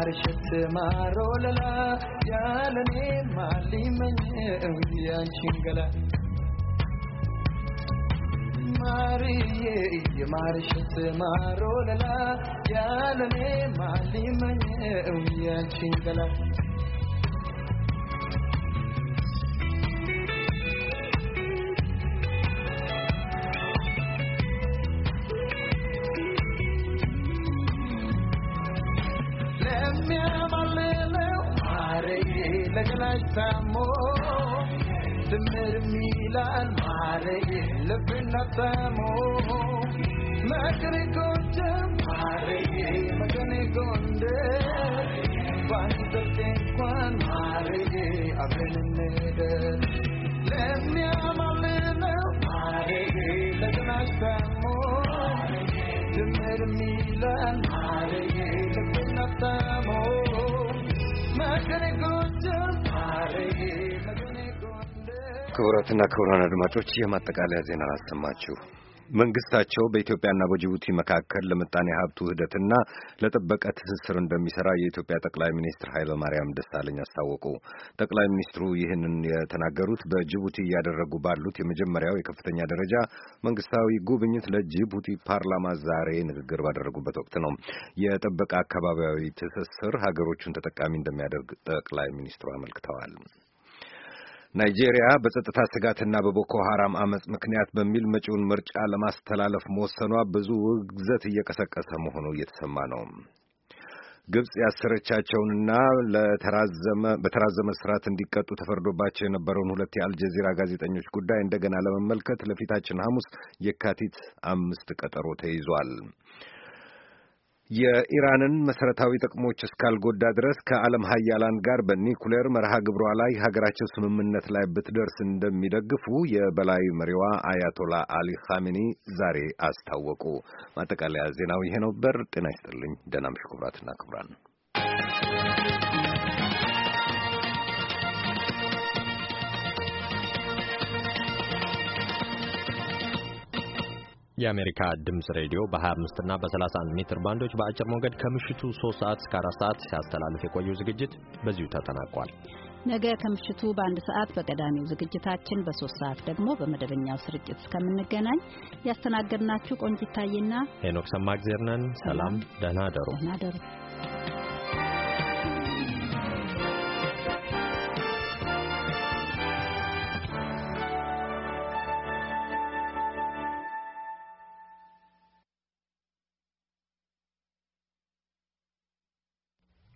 ማርሸት ማሮለላ ያለኔ ማሊመኝ ያንቺን ማርዬ የማርሸት ማሮለላ ያለኔ ማሊመኝ ያንቺን that ክቡራትና ክቡራን አድማጮች የማጠቃለያ ዜና አሰማችሁ። መንግስታቸው በኢትዮጵያና በጅቡቲ መካከል ለምጣኔ ሀብት ውህደትና ለጠበቀ ትስስር እንደሚሰራ የኢትዮጵያ ጠቅላይ ሚኒስትር ኃይለ ማርያም ደሳለኝ አስታወቁ። ጠቅላይ ሚኒስትሩ ይህንን የተናገሩት በጅቡቲ እያደረጉ ባሉት የመጀመሪያው የከፍተኛ ደረጃ መንግስታዊ ጉብኝት ለጅቡቲ ፓርላማ ዛሬ ንግግር ባደረጉበት ወቅት ነው። የጠበቀ አካባቢያዊ ትስስር ሀገሮቹን ተጠቃሚ እንደሚያደርግ ጠቅላይ ሚኒስትሩ አመልክተዋል። ናይጄሪያ በጸጥታ ስጋትና በቦኮ ሐራም አመፅ ምክንያት በሚል መጪውን ምርጫ ለማስተላለፍ መወሰኗ ብዙ ውግዘት እየቀሰቀሰ መሆኑ እየተሰማ ነው። ግብፅ ያሰረቻቸውንና በተራዘመ ስርዓት እንዲቀጡ ተፈርዶባቸው የነበረውን ሁለት የአልጀዚራ ጋዜጠኞች ጉዳይ እንደገና ለመመልከት ለፊታችን ሐሙስ የካቲት አምስት ቀጠሮ ተይዟል። የኢራንን መሰረታዊ ጥቅሞች እስካልጎዳ ድረስ ከዓለም ሀያላን ጋር በኒኩሌር መርሃ ግብሯ ላይ ሀገራቸው ስምምነት ላይ ብትደርስ እንደሚደግፉ የበላይ መሪዋ አያቶላ አሊ ኻሜኒ ዛሬ አስታወቁ። ማጠቃለያ ዜናው ይሄ ነበር። ጤና ይስጥልኝ። ደህና ምሽ ክቡራትና ክቡራን። የአሜሪካ ድምፅ ሬዲዮ በ25 እና በ31 ሜትር ባንዶች በአጭር ሞገድ ከምሽቱ 3 ሰዓት እስከ 4 ሰዓት ሲያስተላልፍ የቆየው ዝግጅት በዚሁ ተጠናቋል። ነገ ከምሽቱ በአንድ ሰዓት በቀዳሚው ዝግጅታችን፣ በሶስት ሰዓት ደግሞ በመደበኛው ስርጭት እስከምንገናኝ ያስተናገድናችሁ ቆንጂት ሄኖክ ሰማግዜር ነን። ሰላም፣ ደህና አደሩ።